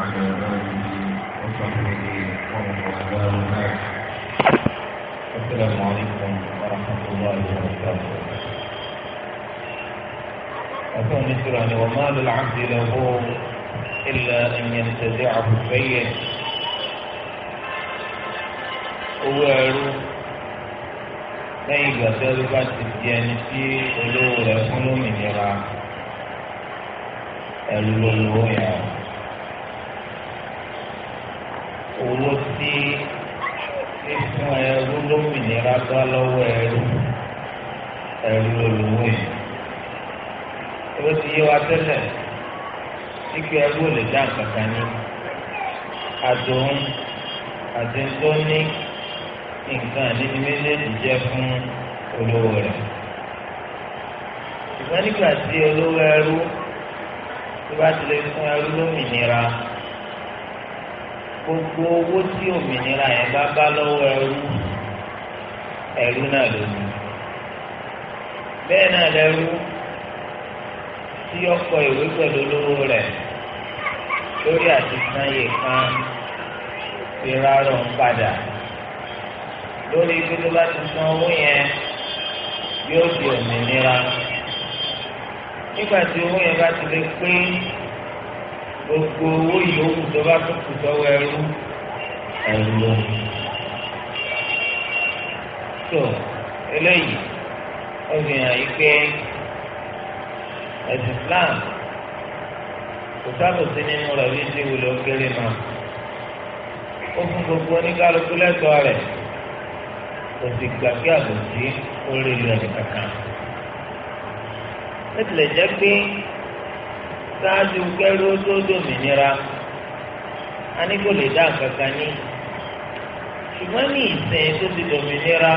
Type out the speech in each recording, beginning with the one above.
وعلى آله وصحبه ومن والاه وبعد السلام عليكم ورحمة الله وبركاته أكون نسرا وما للعبد له إلا أن ينتزعه السيد owó ẹrú lẹ́yìn ìgbà tí ẹrú bá ti di owó tí fífún ẹrú lómìnira bá lọ́wọ́ ẹrú ẹrú olówó yìí owó ti yé wa tẹ́lẹ̀ kíkẹ́ ẹrú ò lè dá nǹkan kan ní àdóhùn àti tó ní nǹkan àníbi méjèèjì jẹ́ fún olówó rẹ̀ ṣùgbọ́n nígbà tí olówó ẹrú tó bá ti lè fún ẹrú lómìnira gbogbo owó tí òmìnira yẹn bá bá lọ́wọ́ ẹrú ẹrú náà ló ní bẹ́ẹ̀ náà lẹ́rú tí ọkọ ìwé pẹ̀lú olówó rẹ̀ lórí àti sanye kan fi rárọ̀ ń padà lórí ibi tó bá ti san owó yẹn yóò di òmìnira nígbà tí owó yẹn bá ti lè pé gbogbo owó yòówù tó bá tó kù sọ́wọ́ ẹrú ẹrú lọ. tó eléyìí ó hàn yí pé ẹ̀sìn Islam kò sábò sí nínú rẹ̀ bí ṣe wùlọ kéré máa ó fún gbogbo oníkálukú lẹ́tọ̀ọ́ rẹ̀ kò sì gbà kí àbòsí ó rí ilé ẹ̀ kankan. ó tilẹ̀ jẹ́ pé ṣáájú kẹrù tó dòmìnira a ní kò lè dá kankan ní ṣùgbọ́n ní ìsìn tó ti dòmìnira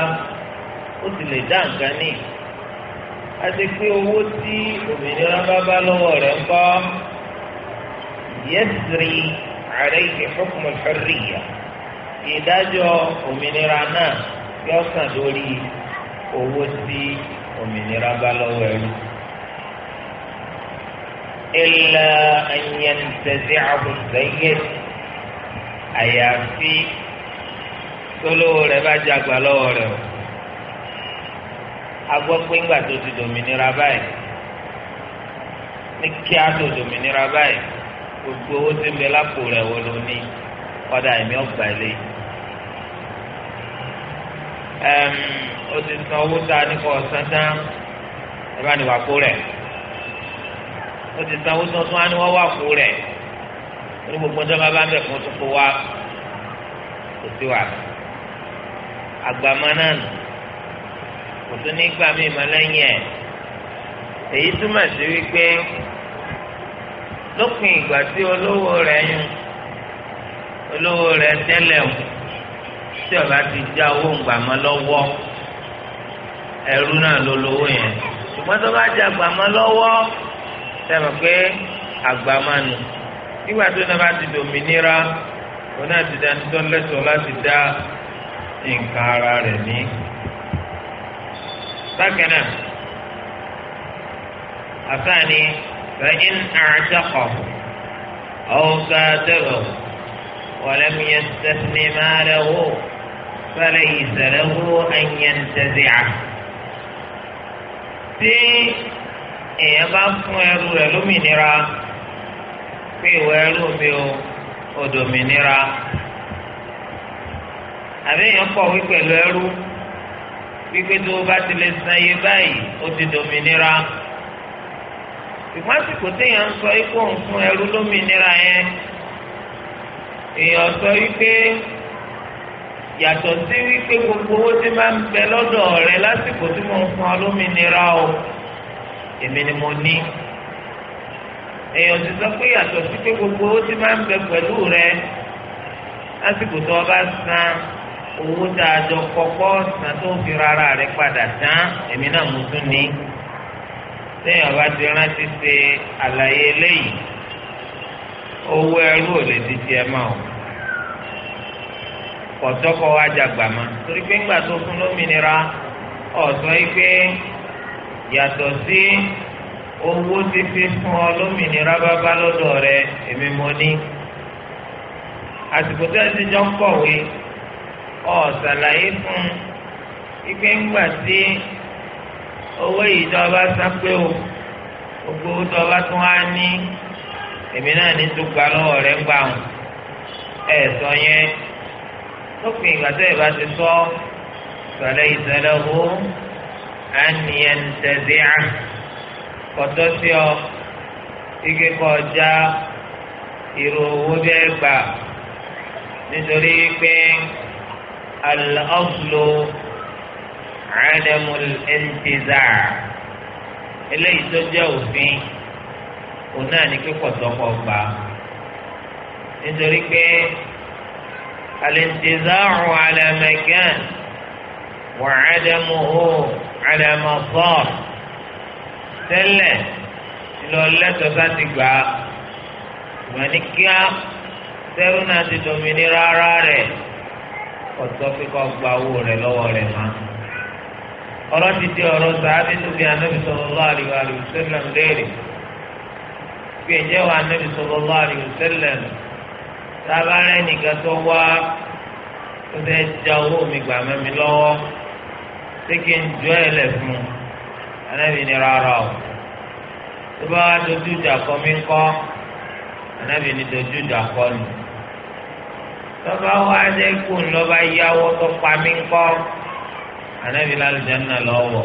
ó ti lè dá nǹkan ní àti pé owó tí òmìnira bá bá lọ́wọ́ rẹ̀ ń bọ́ yẹ́sìrì ààrẹ ìfọ́kùnmọ̀ fẹ́rìyà ìdájọ́ òmìnira náà yọ sàn lórí owó tí òmìnira bá lọ́wọ́ ẹ̀rú ilà ẹ̀yẹ̀ntẹ̀sí àbùsẹ̀yẹ àyàfi tólówó rẹ̀ bá jẹ́ àgbà lọ́wọ́ rẹ̀ o agbọ́ pé ńgbà tó ti dòmìnira báyìí ní kí á tó dòmìnira báyìí gbogbo owó tí ń bẹ lápò rẹ̀ wọ́n ló ní kọ́dà ẹ̀mí ọ̀gbà ilé ó ti san owó tá a ní kọ́ ọ̀sán tán ẹ bá ní wàá kó rẹ̀ ó ti sanwó tuntun á ní wọ́n wà fún rẹ̀ ní gbogbo ọjọ́ bá bá ń bẹ̀ fún tó kó wá kò sí wà àgbàmọ́ náà nù kò tún ní gbà mí mọ́ lẹ́yìn ẹ̀ èyí túmọ̀ sí wípé lópin ìgbà tí olówó rẹ̀ yún olówó rẹ̀ tẹ́lẹ̀ o tí ọba ti já owó gbàmọ́ lọ́wọ́ ẹrú náà lólówó yẹn ṣùgbọ́n tó bá já gbàmọ́ lọ́wọ́ sẹ́mi pé àgbà máa nù nígbà tó náà bá ti dòmìnira òun náà ti dání tó lẹ́tọ̀ọ́ láti dá nǹkan ara rẹ̀ ní. bákan náà àtàní fẹ́yìn àjọkọ̀ ọ̀gá dẹ̀rọ̀ wọ̀lẹ́mi yẹn máa rẹ̀ wò fẹ́lẹ́ ìṣẹ̀lẹ̀ wò ẹ̀yẹn tẹ̀sí à èèyàn bá fún ẹrú rẹ̀ lómìnira pé ìwọ ẹrú mi o òdòmìnira àbí èèyàn kọ̀wé pẹ̀lú ẹrú wípé tó o bá ti lè san iye báyìí ó ti dòmìnira ìgbọ́n àsìkò téèyàn ń sọ ikú òun fún ẹrú lómìnira yẹn èèyàn sọ wípé yàtọ̀ sí wípé gbogbo owó tí máa ń bẹ lọ́dọ̀ rẹ lásìkò tí mo ń fún ọ lómìnira o èmi ni mo ní èèyàn ti sọ pé yàtọ̀ sí pé gbogbo owó ti máa ń bẹ pẹ̀lú rẹ lásìkò tó o bá san owó tá a jọ kọ́kọ́ san tó fi rárá rẹ padà tán èmi náà mo tún ní téèyàn bá ti rántí ṣe àlàyé eléyìí owó ẹrú ò lè di tiẹ̀ mọ́ o kọ̀tọ́kọ̀ wá torí pé ńgbà tó fún lómìnira ọ̀sọ́ yìí pé yàtọ̀ sí owó títí fún ọ lómìnira bábá lọ́dọ̀ rẹ èmi mo ní àsìkò tó ẹsẹ̀ jọ ń kọ̀wé ọ ṣàlàyé fún ipe ńgbà tí owó yìí sá pé o gbogbo owó tó ọba tún á ní èmi náà ní tó gba lọ́wọ́ rẹ gbà ń ẹ sọ yẹn lópin ìgbà tó ẹ bá ti sọ ṣàlàyé ìṣẹ̀lẹ̀ owó ànìyàn tẹ̀síà kọ̀tọ́ sí ọ ike kọjá irú owó bẹ́ẹ̀ gbà nítorí pé al-aslu adamul intizaa eléyìí tó jẹ́ òfin òun náà ní kíkọ̀ tọkọ nítorí pé al-intizaa ala وعدمه على ما صار tẹ́lẹ̀ ìlọlẹtọ sáti gbà á ìgbà ní kíá sẹrú ti dòmìnira ara rẹ ọtọ kíkọ rẹ lọ́wọ́ rẹ má ọ̀rọ̀ ti di ọ̀rọ̀ sàábì tó fi ànábì sallallahu alaihi ṣé kí n jọ ẹ lẹ fún un anabi ni rárá o tó bá dojú ìjà kọ mi kọ anabi ni dojú ìjà kọ ni tọ́ba wá dé kó ń lọ́ba yáwó tó pa mí kọ́ anabi lálùjáná lọ́wọ́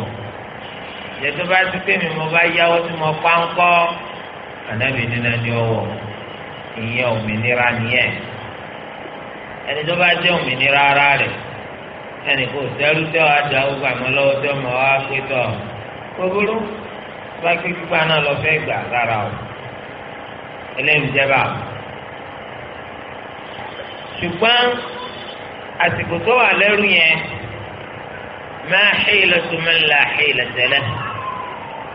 yẹtọ́ bá ti pé mi mo bá yáwó tí mo pa ń kọ́ anabi nínú ẹni ọwọ́ ìyẹn òmìnira nìyẹn ẹni tó bá jẹ́ òmìnira ara rẹ̀ ẹnì kò sẹ́rú tẹ́ ọ àdá ó gbà mọ́ lọ́wọ́ tẹ́ ọmọ wa pé tọ́ gbogbo bá pé pípa náà lọ fẹ́ gbà rárá o eléyìí jẹba ṣùgbọ́n àsìkò tó wà lẹ́rú yẹn máa hilatu man la hilata lahu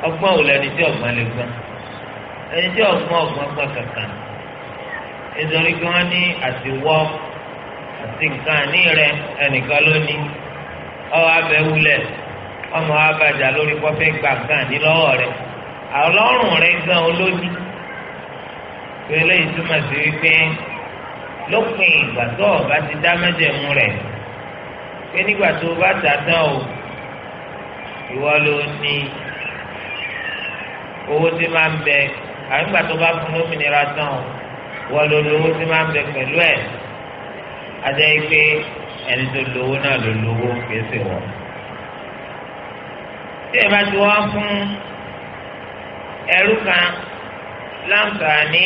ọgbọ́n ò lẹ́ni tí ọgbọ́n lè gbọ́n ẹni tí ọgbọ́n ọgbọ́n gbọ́n kankan nítorí pé wọ́n ní àtiwọ́ sí nǹkan àní rẹ ẹnìkan lónìí ọwọ́ abẹ wulẹ̀ ọmọ abajà lórí kọfẹ́ gbà nǹkan àní lọ́wọ́ rẹ ọlọ́run rẹ gan olóni pẹ̀lẹ́ ìtumọ̀ sí wípé lópin ìgbà tó o bá ti dá mẹ́jẹ̀mú rẹ̀ pé nígbà tó o bá tà tán o ìwọ ló ní owó tí máa ń bẹ àbí nígbà tó o bá fún lómìnira tán o ìwọ ló lówó tí máa ń bẹ pẹ̀lú ẹ̀ ajẹ́ pé ẹni tó lówó náà ló lówó kìí ṣe wọ̀. tí ẹ bá ti wá fún ẹrú kan láǹfààní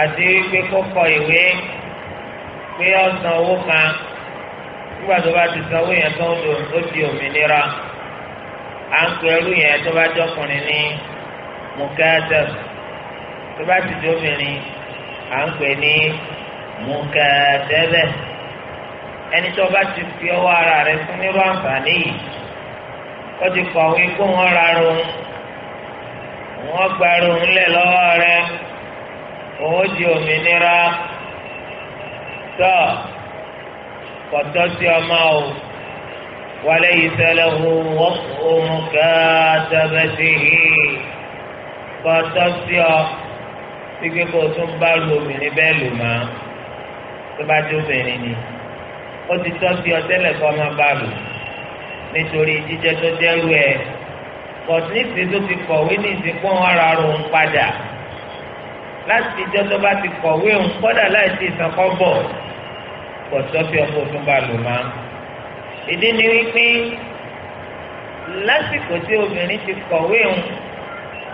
àti wípé kókọ ìwé pé ọ̀sán owó kan nígbà tó bá ti san owó yẹn tán ó di òmìnira à ń pe ẹrú yẹn tó bá jọkùnrin ní mukadab tó bá ti di obìnrin à ń pè ní mukatabe ẹni tí ọba ti fi ọwọ ara rẹ fún nírú àǹfààní yìí ó ti kọ̀wé wọn ra rohun wọn gba rohun lẹ̀ lọ́wọ́ rẹ̀ òun di o wale yìí sẹ́lẹ̀ wọ́n òun kẹ́ẹ́tẹ́bẹ́ sí i sí ọ sí tún bá lò máa. tó bá jó obìnrin ni ó ti tọ́ sí ọtẹ́lẹ̀ kọ́ ọmọ bá lò nítorí jíjẹ tó jẹ́rú ẹ kọ̀sìnìsì tó ti kọ̀wé ní ìsìnkú ara rò ń padà láti ìjọ tó bá ti kọ̀wé ń kọ́dà láì sí ìsànkọ́ bọ̀ kò sọ́fì ọkọ̀ tó bá lò má. ìdí ni wípé lásìkò tí obìnrin ti kọ̀wé ń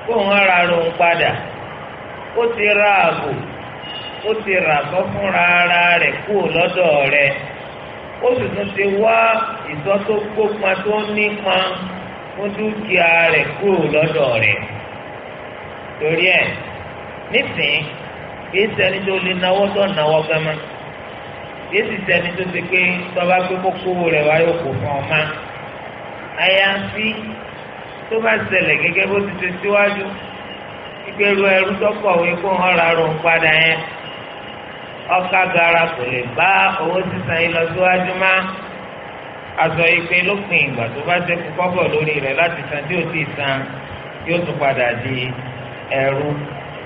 kó ń ara rò padà ó ti ra ààbò ó ti rà sọ fúnra ara rẹ̀ kúrò lọ́dọ̀ rẹ̀ ó sì tún ti wá ìsọ tó gbópa tó nípa fún dúkìá rẹ̀ kúrò lọ́dọ̀ rẹ̀ torí ẹ̀ nísìnyí kìí ṣẹni tó lè náwó tó náwó gánmá kìí sì ṣẹni tó ti pé tọ́ba pé kókówó rẹ̀ wá yóò kó fún ọ má tó bá ṣẹlẹ̀ gẹ́gẹ́ bó ti ṣe síwájú ìgbèrú ẹrú tọkọ̀wé kó hàn rárò ń padà yẹn ọkà gara kò lè bá owó sísan yìí lọ síwájú má aṣọ ìpè lópin ìgbà tó bá ṣẹ́kù kọ́bọ̀ lórí rẹ̀ láti san tí ò tí ì san yóò tún padà di ẹrú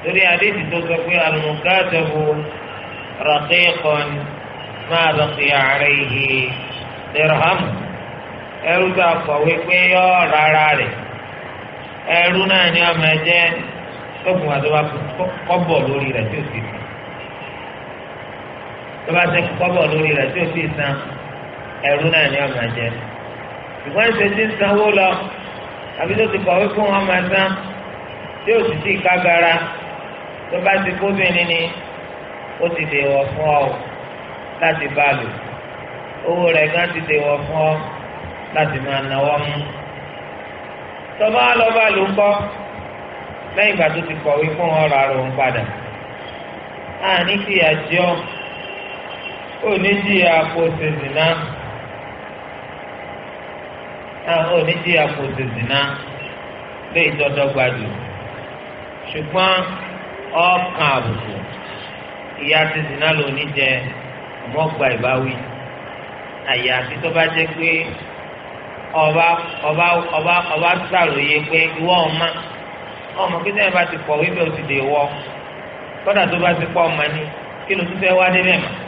torí àdéhùn tó sọ pé alùmùkàtàbù ràkìkan máa ràkì àárẹ̀ yìí dirhamu ẹrú tó akọ̀wé pé yọ rárá rẹ̀ ẹrú náà ni ọmọ ẹ jẹ́ tó kùn àti kọ́bọ̀ lórí rẹ̀ tí ò tí san tó bá ti kọ́bọ̀ lórí rẹ̀ tí ò sì san ẹrú náà ni ọmọ jẹ ṣùgbọ́n ṣe ti sanwó lọ àbí tó ti kọ̀wé fún wọn máa san tí ò sì sí kágara tó bá ti kóbìnrin ni ó ti dèwọ̀ fún ọ láti bá lò owó rẹ̀ gan ti dèwọ̀ fún ọ láti máa náwó mú tọ́ba lọ́ba ló ń kọ́ ìgbà tó ti kọ̀wé fún ọ̀rọ̀ àrùn padà àní kìí àjọ onídìí àpòsè zìnà onídìí àpòsè zìnà lè dọdọ gbadù ṣùgbọ́n ọkàn àbùkù ìyá ti zìnà ló ní jẹ ọmọgba ìbáwí àyàfi tó bá jẹ pé ọba ọba ọba ọba sàròyé pé ìwọ ọma ọmọ kí sẹ́yìn bá ti kọ̀wé bẹ́ẹ̀ ó ti dè wọ́ kọ́dà tó bá ti pọ̀ ọmọ ni kí ló tún fẹ́ wá dé bẹ́ẹ̀ mọ́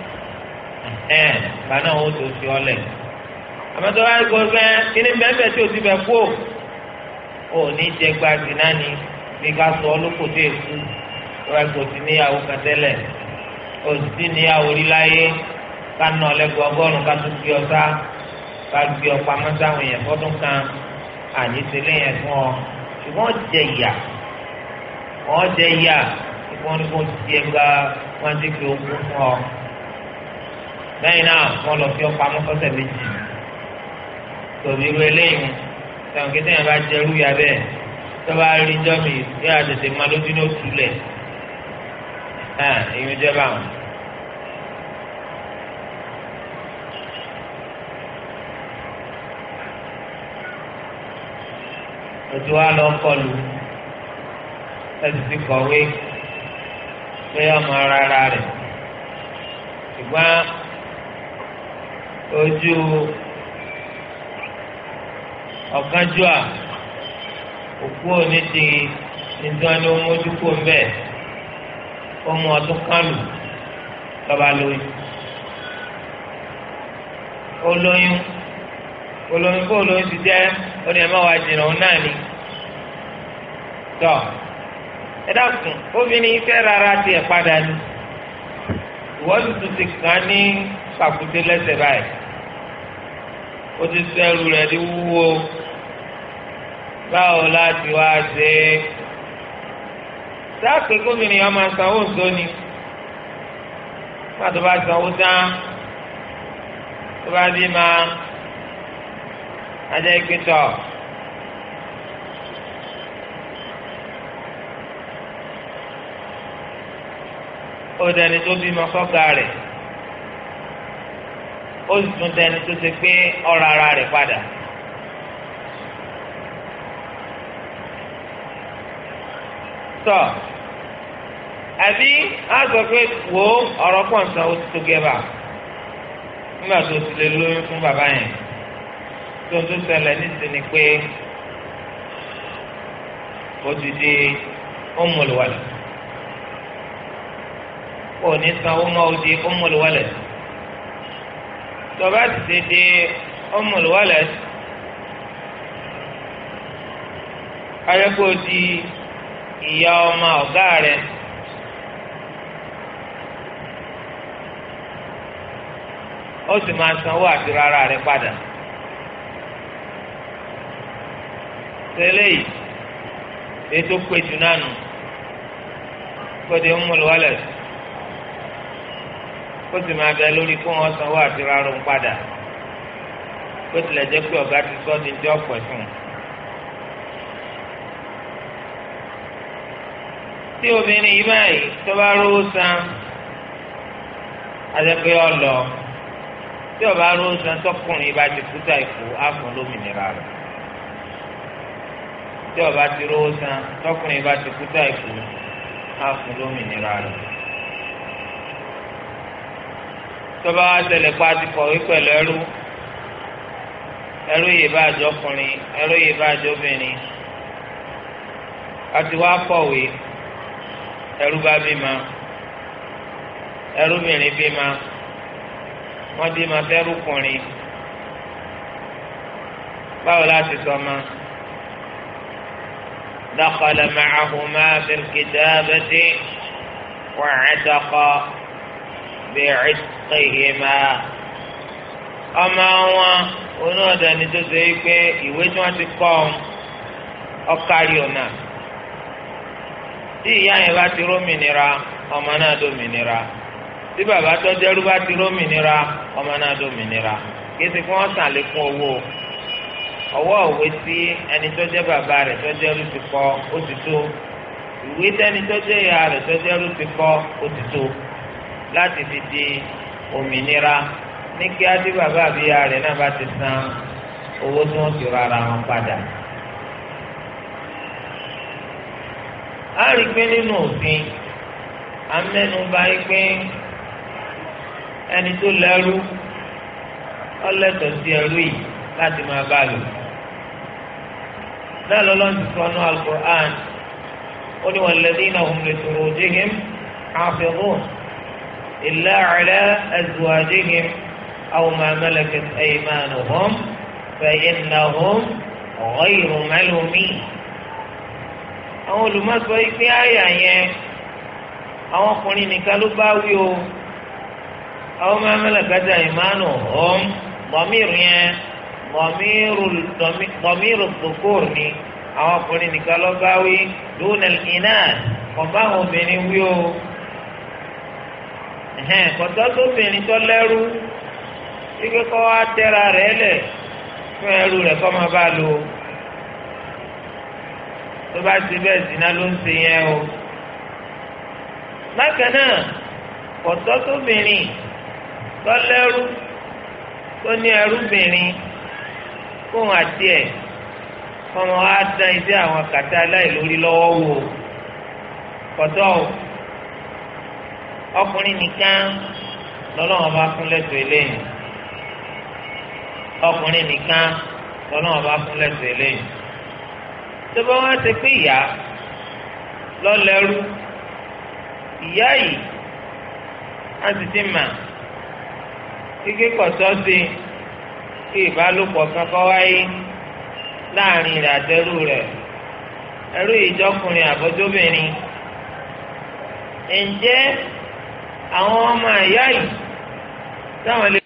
ẹ̀ gbaná o tó fi ọ lẹ̀ àmọ́tọ́ wa gbọ́ pé kí ni bẹ́ẹ̀ tí o ti bẹ̀ kú o ní jẹ gbàgbé náà ni bí ká sọ ọ lóko tó èkú wa gbọ́ ti níyàwó kan o ti níyàwó rí láyé ká nà ọlẹ́gbẹ̀ ọgọ́rùn-ún ká tó gbé ọ sá ká gbé ọ pamọ́ sáwọn èèyàn fọ́dún kan àní ìṣẹ̀lẹ̀ yẹn fún ọ ṣùgbọ́n jẹ ìyà wọ́n jẹ ìyà ìfọ́nìkò tiẹ̀ gba wọ́n ti fi ogún fún ọ lẹ́yìn náà wọ́n lọ fi ọ̀pá mọ́sọ́sẹ̀ méjì tòbí ru eléyìí sọ̀rọ̀ kí sẹ́yìn bá jẹ́ rúyà bẹ́ẹ̀ tó bá rí jọ́mi yóò àtẹ̀tẹ̀ máa lójú ní òtún lẹ̀ ìyún jẹ́ báwọn. ojú wa lọ kọlu ẹtù ti kọ̀wé pé ọmọ rárá rẹ̀ ṣùgbọ́n ojú ọ̀kánjúà òkú òní di nítorí ni ó mójú kó mbẹ ó mú ọdún kánú lọ́ba lóyún olóyún olóyún kó olóyún ti jẹ́ oní ẹ̀ má wá jìnnà òun náà ni tọ́ ẹ dákun obìnrin fẹ́ rárá tiẹ̀ padà ni wọ́n tún ti kàn ní pàkúté lẹ́sẹ̀ báyìí ó ti sọ ẹrù rẹ̀ ní wúwo báwo láti wá ṣe é sáàpì gómìnà yẹn máa sanwó nsọ ni pàtó bá sanwó tán tó bá bí máa ajá ìpín tọ̀. ó dẹni tó bímọ sọ́gà rẹ̀ ó sì tún dẹni tó ṣe pé ọ̀rọ̀ ara rẹ̀ padà. tọ́ àbí a sọ pé wo ọ̀rọ̀ pọ̀ ń san ó ti tó gẹ́bà nígbà tó ti lè lóyún fún bàbá yẹn tó ń tó ṣẹlẹ̀ nísìnyí pé ó ti di ó mú lùwàlù òní sanwó mọ́ odi ummul walad tọ́ba ti ṣe di ummul walad ayẹ́kọ́ di ìyá ọmọ ọ̀gá rẹ̀. ó sì máa sanwó àti rárá rẹ̀ padà. sẹ́lẹ̀yì ètò péjú náà nù kó di ummul walad ó sì máa bẹ lórí kó wọn sanwó àti rárun padà bó tilẹ̀ jẹ́ pé ọ̀gá ti sọ́ ní ti ọ̀pẹ̀ fún un. tí obìnrin yìí báyìí tó bá rówó san àtẹ̀pẹ́ ọlọ tí ọba rówó san tọkùnrin bá ti kúta ìkú àfún lómìnira rẹ̀ tí ọba ti rówó san tọkùnrin bá ti kúta ìkú àfún lómìnira rẹ̀. tọ́ba wa ṣẹlẹ̀ pa ti kọ̀wé pẹ̀lú ẹrú ẹrú yìí bá àjọ ọkùnrin ẹrú yìí bá àjọ obìnrin àti wá kọ̀wé ẹrú bá bímọ ẹrúbìnrin bímọ wọ́n bímọ fẹ́rúkùnrin báwo láti sọ ma dakhala ma'ahuma fil kitabati wa 'ataqa bi'id. رزقهما ọmọ wọn onáàdá ni tó ṣe é pé ìwé tí wọn ti kọ ọkàrí ọ̀nà tí ìyá yẹn bá ti rómìnira ọmọ náà dómìnira tí bàbá tó dẹrú bá ti rómìnira ọmọ náà dómìnira kí ti fún ọ̀sán lékún owó ọwọ́ òwe tí ẹni tó jẹ́ bàbá rẹ̀ tó dẹrú ti kọ ó ti tó ìwé tẹ́ni tó jẹ́ ìyá rẹ̀ tó dẹrú ti kọ ó ti tó láti fi di òmìnira ní kí á dé bàbá àbíyá rẹ̀ náà bá ti san owó tí wọ́n ti rárá wọn padà. a rí pé nínú òfin amẹ́nubà yìí pé ẹni tó lẹ́rú ọlẹ́tọ̀ sí ẹrú yìí láti máa bá lò. náà lọ́lọ́run sọ ọ́nà al ó ní wal ladhina hum li furujihim hafidhun. إلا على أزواجهم أو ما ملكت أيمانهم فإنهم غير ملومين àwọn olùmọ̀sọ ìpín àyà yẹn àwọn ọkùnrin nìkan ló bá wí o àwọn ma malakat aymanuhum damiru yẹn damiru dhukur ni àwọn ọkùnrin nìkan ló bá wí dúnà ìnáà kò obìnrin wí o ẹ̀hẹ́n kọ̀tọ́ sóbìnrin tó lẹ́rú ike kọ́ wá tẹ́ra rẹ̀ lẹ̀ fún ẹrú rẹ̀ kọ́ máa bá lò ó tó bá ti bẹ́ẹ̀ zina ló ń ṣe yẹn o bákan náà kọ̀tọ́ sóbìnrin tó lẹ́rú tó ní ẹrúbìnrin fóun àti ẹ̀ kọ́ wọn á dán iṣẹ́ àwọn kàtá aláìlórí lọ́wọ́ wò kọ̀tọ́ o ọkùnrin nìkan lọ́lọ́wọ́n bá fún lẹ́tọ̀ọ́ eléyìí ọkùnrin nìkan lọ́lọ́wọ́n bá fún lẹ́tọ̀ọ́ eléyìí tó bá wá ṣe pé ìyá lọ́lẹ́rú ìyá yìí á sì ti mà kíkẹ́ kọ̀tọ́ sí kí ìbálòpọ̀ kankan wáyé láàrin rẹ̀ àtẹrù rẹ̀ ẹrú ìjọkùnrin àbójóbìnrin ǹjẹ́ àwọn ọmọ ẹ̀yà yìí táwọn lè.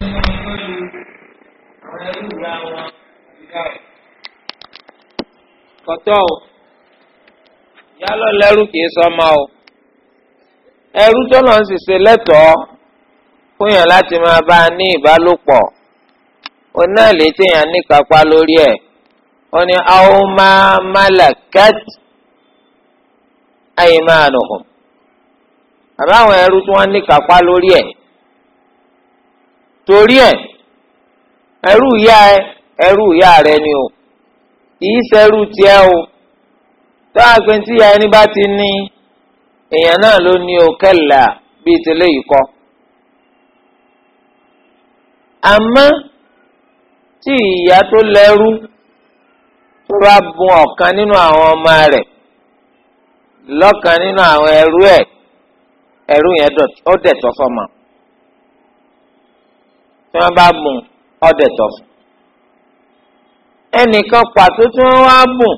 kọ́tọ́ o yálọ lẹ́rú kìí sọ́mọ o ẹrú tọ́nà ń ṣèṣe lẹ́tọ̀ọ́ fún yàn láti máa bá a ní ìbálòpọ̀ ó náà lè téèyàn ní kápá lórí ẹ̀ ó ní àwọn máa malakat aymanuhum àbáwọn ẹrú tí wọ́n ní kápá lórí ẹ̀ torí ẹ̀ ẹrú ìyá ẹ ẹrú ìyá rẹ ni o kìí ṣẹrú tiẹ̀ o tó àgbẹ̀ tí ìyá ẹni bá ti ní èèyàn náà ló ní o kẹ́là bíi tẹ́lẹ̀ yìí kọ́ àmọ́ tí ìyá tó lẹ́rú tó bá bùn nínú àwọn ọmọ rẹ̀ lọ́kan nínú àwọn ẹrú ẹ̀ ẹrú yẹn ó dẹ̀tọ́ fọmọ tí wọ́n bá bùn ó dẹ̀tọ́ fún ẹnìkan pàtó tí wọ́n wá bùn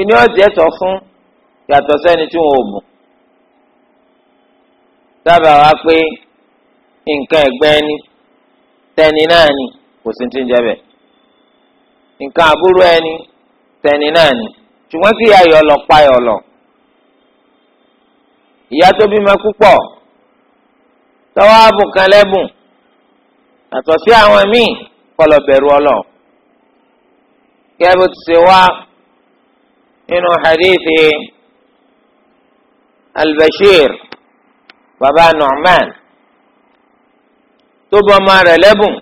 ìní ọ̀dẹ̀tọ́ fún yàtọ̀ sẹ́ni tí wọ́n ò bùn dábàá wá pé nǹkan ẹ̀gbẹ́ ẹni tẹni náà ni kò sí ti ń jẹ bẹ́ẹ̀ nǹkan àbúrò ẹni tẹni náà ni ṣùgbọ́n kí ayọ̀ lọ pa ayọ̀ lọ ìyá tó bímọ púpọ̀ tọ́wọ́ àbùkàn lẹ́bùn àtọ̀ sí àwọn míì kọlọ̀ bẹ̀rù ọlọ. kẹ́bù ti ṣe wá nínú hadithi albashir baba nu'man tó bọ́ ọmọ rẹ̀ lẹ́bùn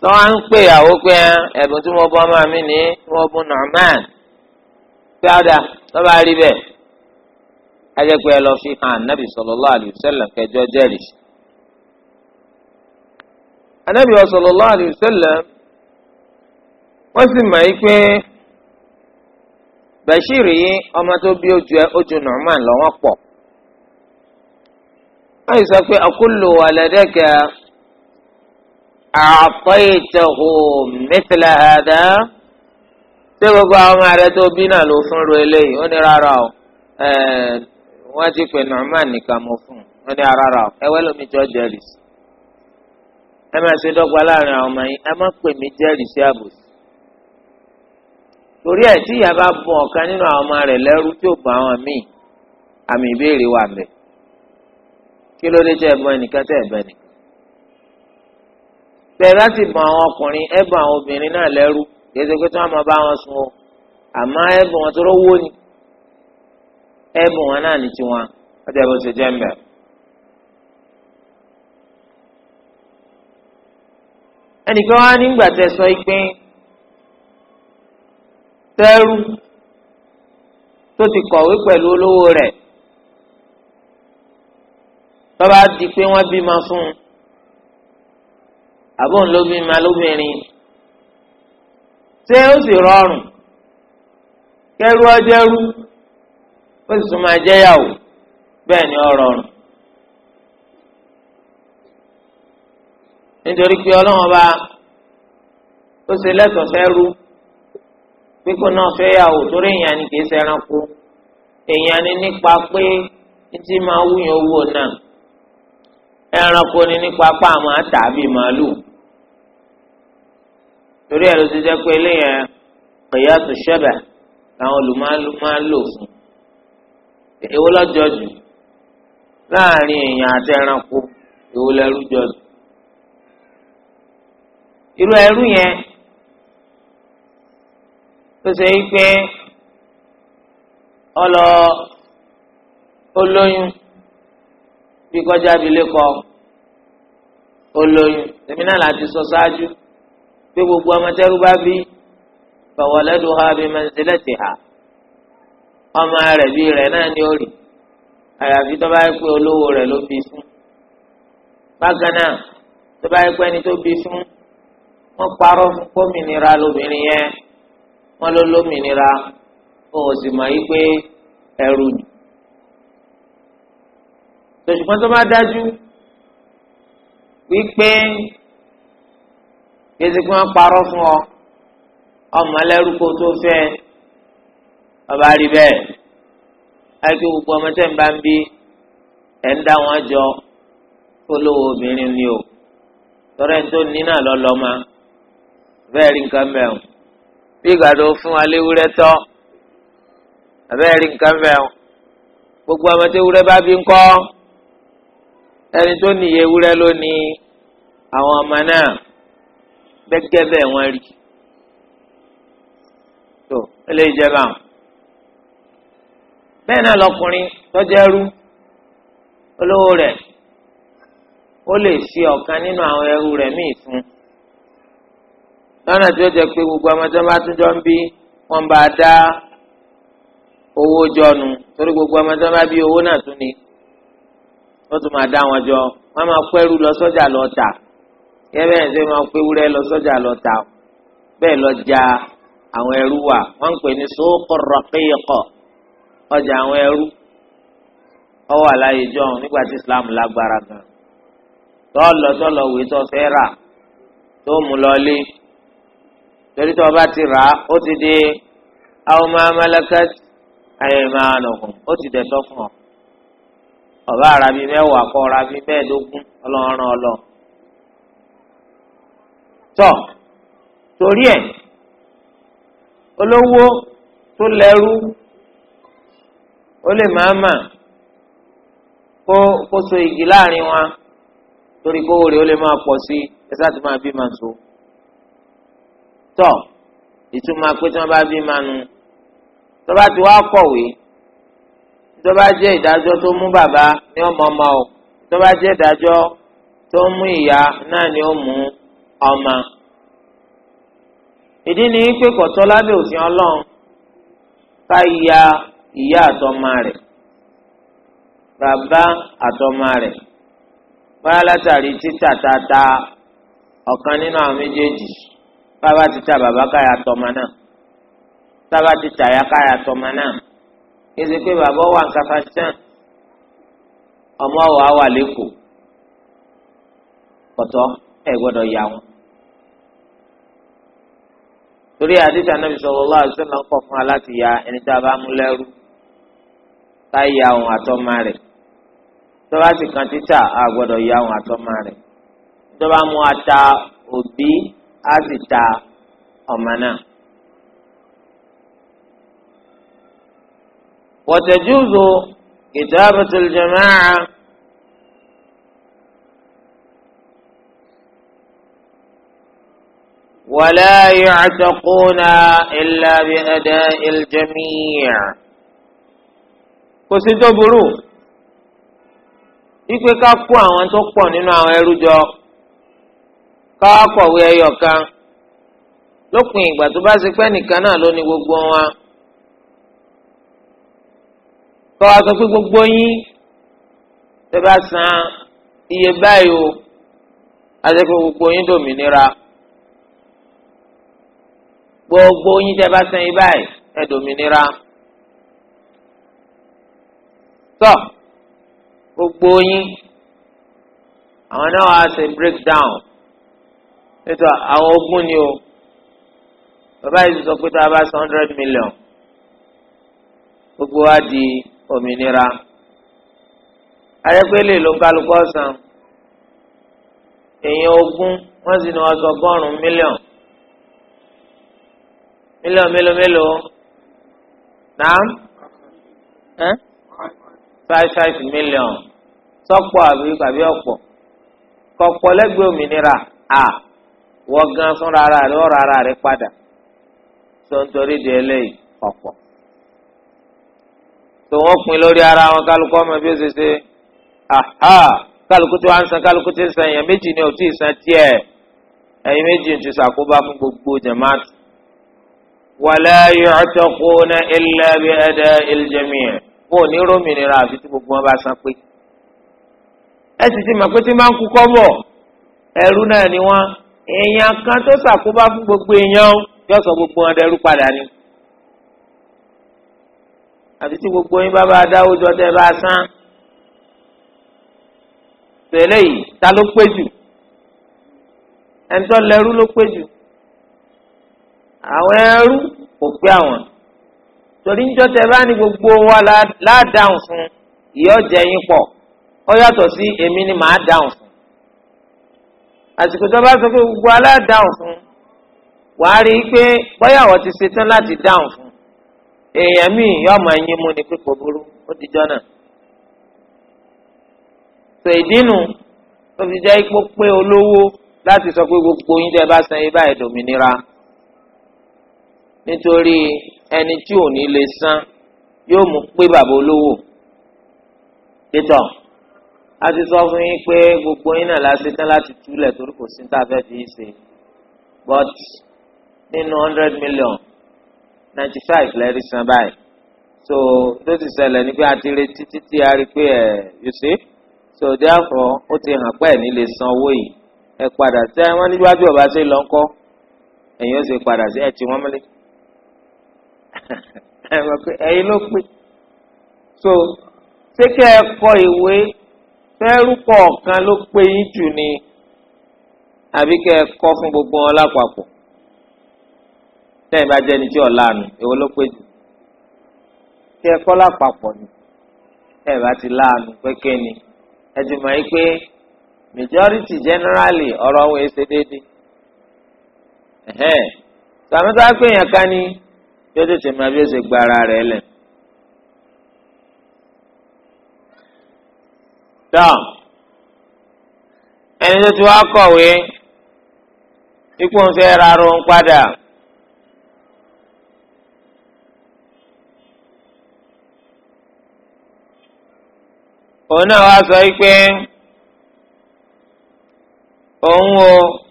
tọ́wọ́ ń pè àwọn pé ẹ̀bùn tí wọ́n bọ́ mi ní wọ́n bú nu'man pé àdá tọ́ba rí bẹ́ẹ̀ ajẹ́ pé ẹ lọ fi hàn nábì sallallahu alaihi wasallam kẹjọ jẹ́rìí. anábì sallallahu alaihi wasallam wọ́n sì mọ̀ yìí pé Bashir yìí ọmọ tó bí ojú ẹ ojú Nu'man lọ́wọ́ pọ̀ wọ́n yìí sọ pé akullu waladaka a'taytahu mithla hadha ṣé gbogbo àwọn ọmọ rẹ tó bí náà ló fún ro eléyìí ó ní rárá o wọ́n ti pè norman nìkan mo fún un ó ní rárá o ẹ wẹ́lẹ́ mi jọ jẹ́rìsì ẹ máa ṣe dọ́gba láàrin àwọn ọmọ yín ẹ má pè mí jẹ́rìsì àbòsí torí ẹ̀ tí ìyá bá bọ ọ̀kan nínú àwọn ọmọ rẹ̀ lẹ́rú tí ò bọ àwọn míì àmì ìbéèrè wà mẹ́ kí ló dé tẹ́ ẹ bọ ẹnìkan tẹ́ ẹ bẹ nìkan tẹ́ bá ti bọ àwọn ọkùnrin ẹ bọ àwọn obìnrin náà lẹ́rú kéde pé tí wọ́n máa bá wọn sùn o àmọ́ ẹ̀bùn wọn tó rówó ni ẹ̀bùn wọn náà ní tiwọn ọjà bó ṣe jẹ́ mbẹ́. ẹnìkan wá nígbà tẹ sọ ìpín tẹ́rù tó ti kọ̀wé pẹ̀lú olówó rẹ̀ tọ́ba di pé wọ́n bímọ fún un àbọ̀ ńlóbìnrin ma lóbìnrin. ṣé ó sì rọrùn kẹrù ọjẹrú ó sì tún máa jẹyàwó bẹ́ẹ̀ ni ó rọrùn. nítorí pé ọlọ́wọ́n bá ó ṣe lẹ́tọ̀ọ́ fẹ́ rú pípọ̀ náà fẹ́ yàwó torí èèyàn ni kì í ṣe ẹranko èèyàn ni nípa pé títí máa wúyàn owó náà ẹranko ni nípa pa pàmò àtàbí màálù torí ẹ̀ ló ti jẹ́ pé eléyẹn kìyàtò ṣẹ́bẹ̀ làwọn olùmọ̀ọ́lù máa ń lò fún èwo lọ́jọ́ jù láàrin èèyàn àti ẹranko èwo lẹ́rú jọ jù irú ẹrú yẹn tó ṣe é pé ọlọ olóyún bí kọjá abilékọ olóyún èmi náà láti sọ ṣáájú. So pé gbogbo ọmọ tẹ́rú bá bí fawaladuha bi manzilatiha ọmọ rẹ̀ bí rẹ̀ náà ni ó rì àyàfi tó bá yẹ pé olówó rẹ̀ ló bí fún bákan náà tó bá yẹ pé ẹni tó bí fún wọ́n parọ́ fún kómìnira lóbìnrin yẹn wọ́n ló lómìnira ó sì mọ̀ yí pé ẹrù ni tòṣùpọ́n tó bá dájú wípé yéésì kí wọ́n parọ́ fún ọ ọmọ ẹlẹ́rú kó tó fẹ́ ọba rí bẹ́ẹ̀ àìkú gbogbo ọmọ tẹ́ ń bá ń bí ẹ̀ ń dá wọn jọ olówó obìnrin ni o tọ́rẹ́ tó ní náà lọ́lọ́mọ bẹ́ẹ̀ rí nǹkan bẹ́ẹ̀ o bí ìgbà tó fún aléwúrẹ́ tọ́ bẹ́ẹ̀ rí nǹkan bẹ́ẹ̀ o gbogbo ọmọ tí ewúrẹ́ bá bí ń kọ́ ẹni tó níye ewúrẹ́ lónìí àwọn ọmọ náà gẹ́gẹ́ bẹ́ẹ̀ wọ́n rí tó eléyìí jẹ́ báwọn bẹ́ẹ̀ náà lọkùnrin tọ́jẹ́rú olówó rẹ̀ ó lè fi ọ̀kan nínú àwọn ẹrú rẹ̀ míì fún lọ́nà tí ó jẹ́ pé gbogbo ọmọdé bá tún jọ ń bí wọ́n bá dá owó jọnu torí gbogbo ọmọdé bá bí owó náà tún ni ó tún máa dá wọn jọ wọ́n máa kó lọ sọ́jà lọ tà yẹn bẹ́ẹ̀ ṣe máa pé wúrẹ́ lọ sọ́jà lọ ta bẹ́ẹ̀ lọ ja àwọn ẹrú wa wọ́n ń pè ní sóòkò rọ̀péyọkọ̀ ọjà àwọn ẹrú ọwọ́ àlàyé john nígbà tí Islam lágbára gan tọ́lọ̀ tọ́lọ̀ wé tó fẹ́ rà tó mú lọlé torí tó bá ti rà ó ti di àwọn ọmọ amẹ́lẹ́kẹ́ ayé máa nùkùn ó ti dẹ̀ sọ ọba àràbí mẹ́wàá kọ́ ọ̀ràbí mẹ́ẹ̀ẹ́dógún ọlọ́run ọlọ́run tọ torí ẹ olówó tó lẹ́rú ó lè máa mà kó kó so igi láàrin wa torí kó rè ó lè máa pọ̀ sí ẹ sáà ti máa bí màá so tọ ìtumọ̀ pé tí wọ́n bá bí màá nu tọ́ba ti wá kọ̀wé tọ́ba jẹ́ ìdájọ́ tó mú bàbá ni ọmọ o tọ́ba jẹ́ ìdájọ́ tó mú ìyá náà ni ó mú ọmọ ìdí ni pé kọ̀tọ́ lábẹ́ òfin ọlọ́run ká ya ìyá àtọmọ rẹ̀ bàbá àtọmọ rẹ̀ báyà látàrí títà tata ọ̀kan nínú àwọn méjèèjì bàbá títà bàbá káyà tọmọ náà bàbá títà ya káyà tọmọ náà kéde pé bàbá wà ní kafasitán ọmọ wa wà lẹ́kọ̀ọ́ kọ̀tọ́ ẹ gbọ́dọ̀ yà wọn. torí àdìsí anábì sallallahu alaihi wasallam kọ̀ fún wa láti ya ẹni tá a bá mú lẹ́rú ká ya òun àtọ́mọ rẹ̀ tó bá kan títà a gbọ́dọ̀ ya òun àtọ́mọ rẹ̀ tó mú ata òbí á sì ta ọmọ náà. wọ́tẹ̀júùzù kitabatul jama'a. ولا يعتقون إلا بأداء الجميع kò sí tó burú ipe ká kó àwọn tó pọ̀ nínú àwọn ẹrú jọ ká kọ̀wé ẹyọ kan lópin ìgbà tó bá ṣe pé nìkan náà ló ní gbogbo wọn kọ́ wa sọ pé gbogbo yín tó bá san iye báyìí o àti pé gbogbo yín dòmìnira gbogbo yín tẹ́ bá sẹ́yìn báyìí ẹ dòmìnira tọ́ gbogbo yín àwọn náà wàá ṣe break down nítorí àwọn ogún ni o bàbá yìí sọ pé tá a bá san hundred million gbogbo wa di òmìnira ayẹ́pẹ́lẹ́ ló kálukọ́ san èèyàn ogún wọ́n sì ní wọ́n sọ ọgọ́rùn-ún mílíọ̀nù mélòó mélòó naam ẹ́n five five million sọ́pọ̀ àbí àbí ọ̀pọ̀ kọ̀pọ̀ lẹ́gbẹ̀ẹ́ òmìnira à wọ́n gan fúnra ara rẹ̀ ọ̀rọ̀ ara rẹ̀ padà tó ń torí di eléyìí ọ̀pọ̀ tó wọ́n pin lórí ara wọn kálukú ọmọ bí ó ṣe ṣe aha kálukú tí wọ́n á ń san kálukú tí ń san èèyàn méjì ni ò tí ì san tiẹ̀ ẹ̀yin méjì ń ti ṣàkóbá fún gbogbo jẹ̀máàtì wàlá yu'taquna illa bi ada'il jami' bó o ní rómìnira àfi tí gbogbo wọn bá san pé ẹ sì ti mọ̀ pé tí máa ń kú kọ́ bọ̀ ẹrú náà ni wọ́n èèyàn kan tó ṣàkóbá fún gbogbo èèyàn yóò sọ gbogbo wọn dẹrú padà ni àfi tí gbogbo yín bá bá dáwọ́jọ tẹ́ bá san tẹ́lẹ̀ yìí ta ló pé jù ẹ̀ńtọ́ lẹ́rú ló pé jù àwọn ẹrú kò pé àwọn torí níjọ́ tẹ bá ní gbogbo wa ládàáhùn fún ìyọ́ jẹ yín pọ̀ ó yàtọ̀ sí èmi ni màá dáhùn fún àsìkò tó bá sọ pé gbogbo aládàáhùn fún wàá rí i pé bọ́yàwó ti ṣetán láti dáhùn fún èèyàn míì yóò mọ ẹyin mú ni pé kò burú ó ti jọ́nà. sọ ìdínú tó fi jẹ́ ipò pé olówó láti sọ pé gbogbo yín bá san ibà ẹ̀dòmìnira nítorí ẹni tí ò ní lè san yóò mú pé bàbá olówó pétọ a ti sọ fún yín pé gbogbo yín náà láti tán láti túlẹ̀ torí kò sí tá a fẹ́ fi ṣe but nínú hundred million ninety five lẹ́rí san báyìí so tó ti ṣẹlẹ̀ ní pé a ti retí títí a rí pé ẹ̀ you see so therefore ó ti hàn pé ẹ̀ ní lè san owó yìí ẹ padà tẹ wọ́n níwájú ọba ṣe lọ́ńkọ́ ẹ̀yin ó sì padà sí ẹ̀ tí wọ́n mọ́lẹ́ ẹ ló pé so ṣé kẹ́ ẹ kọ ìwé fẹ́rú kọ̀ọ̀kan ló pé yín jù ni àbí kẹ́ ẹ kọ́ fún gbogbo wọn lápapọ̀ tẹ́yìn bá jẹ́ ni tí ọ̀la nù èwo ló pé jù kí ẹ kọ́ lápapọ̀ ni tẹ́yìn bá ti láàánú pẹ́kẹ́ ni ẹ ti mọ̀ yìí pé majority generally ọ̀rọ̀ wọn ṣe déédéé sàmúta pé èèyàn kan ni yóò tètè máa bí ó ṣe gba ara rẹ̀ lẹ̀. tọ́ ẹni tó ti wá kọ̀wé ipò ń fẹ́ ra ro ń padà. òun náà wá sọ pé òun o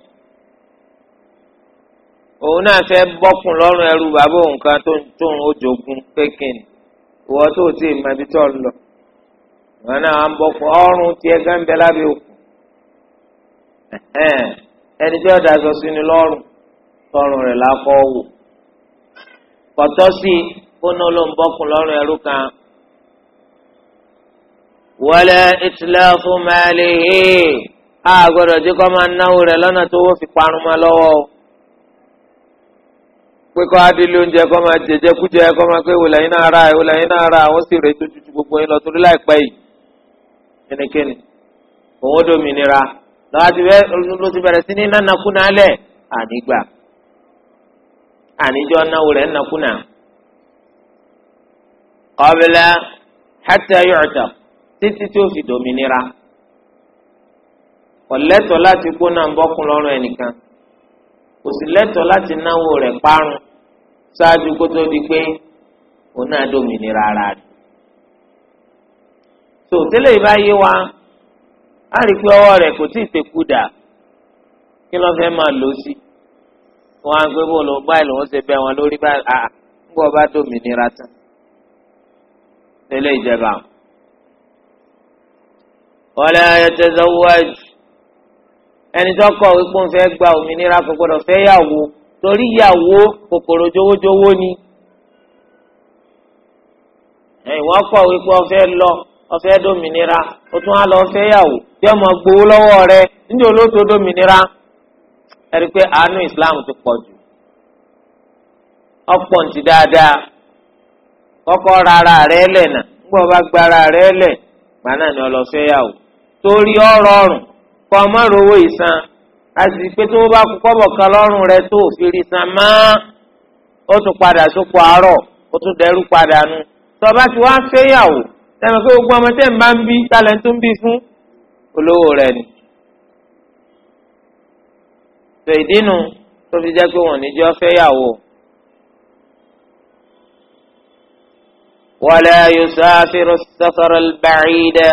òun náà fẹ́ bọ́kùn lọ́rùn ẹrú bàbá òun kan tó ń tó ń ojogun pékin ìwọ tó ti mọ ibi tó ń lọ wọn náà à ń bọ́kùn ọrùn tiẹ̀ gánbẹ lábẹ́ òkun ẹni tí ọ̀dà sọ sí ni lọ́rùn tọrùn rẹ̀ lákọ́ wò kọ̀tọ́ sí kóná ló ń bọ́kùn lọ́rùn ẹrú kan wọlé ìtìlẹ̀ fún mẹ́lì hì á gbọ́dọ̀ máa náwó rẹ̀ lọ́nà tó wó fi parun mọ́ lọ́wọ́ o pé kọ́ adílé oúnjẹ kọ́ máa jẹjẹ kújẹ kọ́ máa pé wòlẹ̀ iná ara ẹ̀ wòlẹ̀ iná ara àwọn sì rèé tó tutù gbogbo yín lọ láìpẹ́ yìí kínníkínní òun ó dòmìnira lọ́wọ́ ti ló ti bẹ̀rẹ̀ sí ní nánakúnà lẹ̀ ànígbà àníjọ́ náwó rẹ̀ nàkúnà qabla hatta yu'ta títí tí ó fi dòmìnira kọ̀lẹ́tọ̀ láti kó náà ń bọ́kún lọ́rùn ẹnìkan kò sì lẹ́tọ̀ọ́ láti náwó rẹ̀ parun ṣáájú kó tó di pé òun náà dòmìnira ara rẹ̀. tó tẹ́lẹ̀ bá yé wa á rí i pé ọwọ́ rẹ̀ kò tí ì tẹ̀kù dà kí ló fẹ́ máa lò ó sí. wọ́n á gbé bọ́ọ̀lù báyìí lòún ṣe bẹ́ wọn lórí báyìí à ń bọ̀ bá dòmìnira tán. tẹ́lẹ̀ ìjẹba. wala yatazawwaj. ẹni tó kọ̀ wípé òun fẹ́ gba òmìnira kò gbọdọ̀ fẹ́ yàwó torí yàwó kòkòrò jówójówó ni ìwọ kọ̀ wípé ọfẹ́ lọ ọfẹ́ dòmìnira ó tún á lọ fẹ́ yàwó tí ọmọ gbowó lọ́wọ́ rẹ níjẹ́ olóòtú dòmìnira ẹ̀rí pé àánú Islam ti pọ̀ jù ọ̀pọ̀ ntì dáadáa kọ́kọ́ rárá rẹ lẹ̀ nà ńgbọ́ bá gbára rẹ lẹ̀ gbaná ni ọlọ́fẹ́ yàwó torí ọ̀rọ̀ ọ̀rùn kọ́ ọmọ rówó ìsan a sì pé tó bá kú kọ́bọ̀ kan lọ́rùn rẹ tó fi rí san mọ́ ó tún padà sóko àárọ̀ ó tún dẹrú padà nu tó ti wá fẹ́yàwó sẹ́mi pé gbogbo ọmọ tẹ́ ń bá ń bí tálẹ̀ tó ń bí fún olówó rẹ ni. tó ìdínú tó fi jẹ́ pé wọ́n ní jọ fẹ́yàwó. wala yusafiru as-safara al-ba'ida.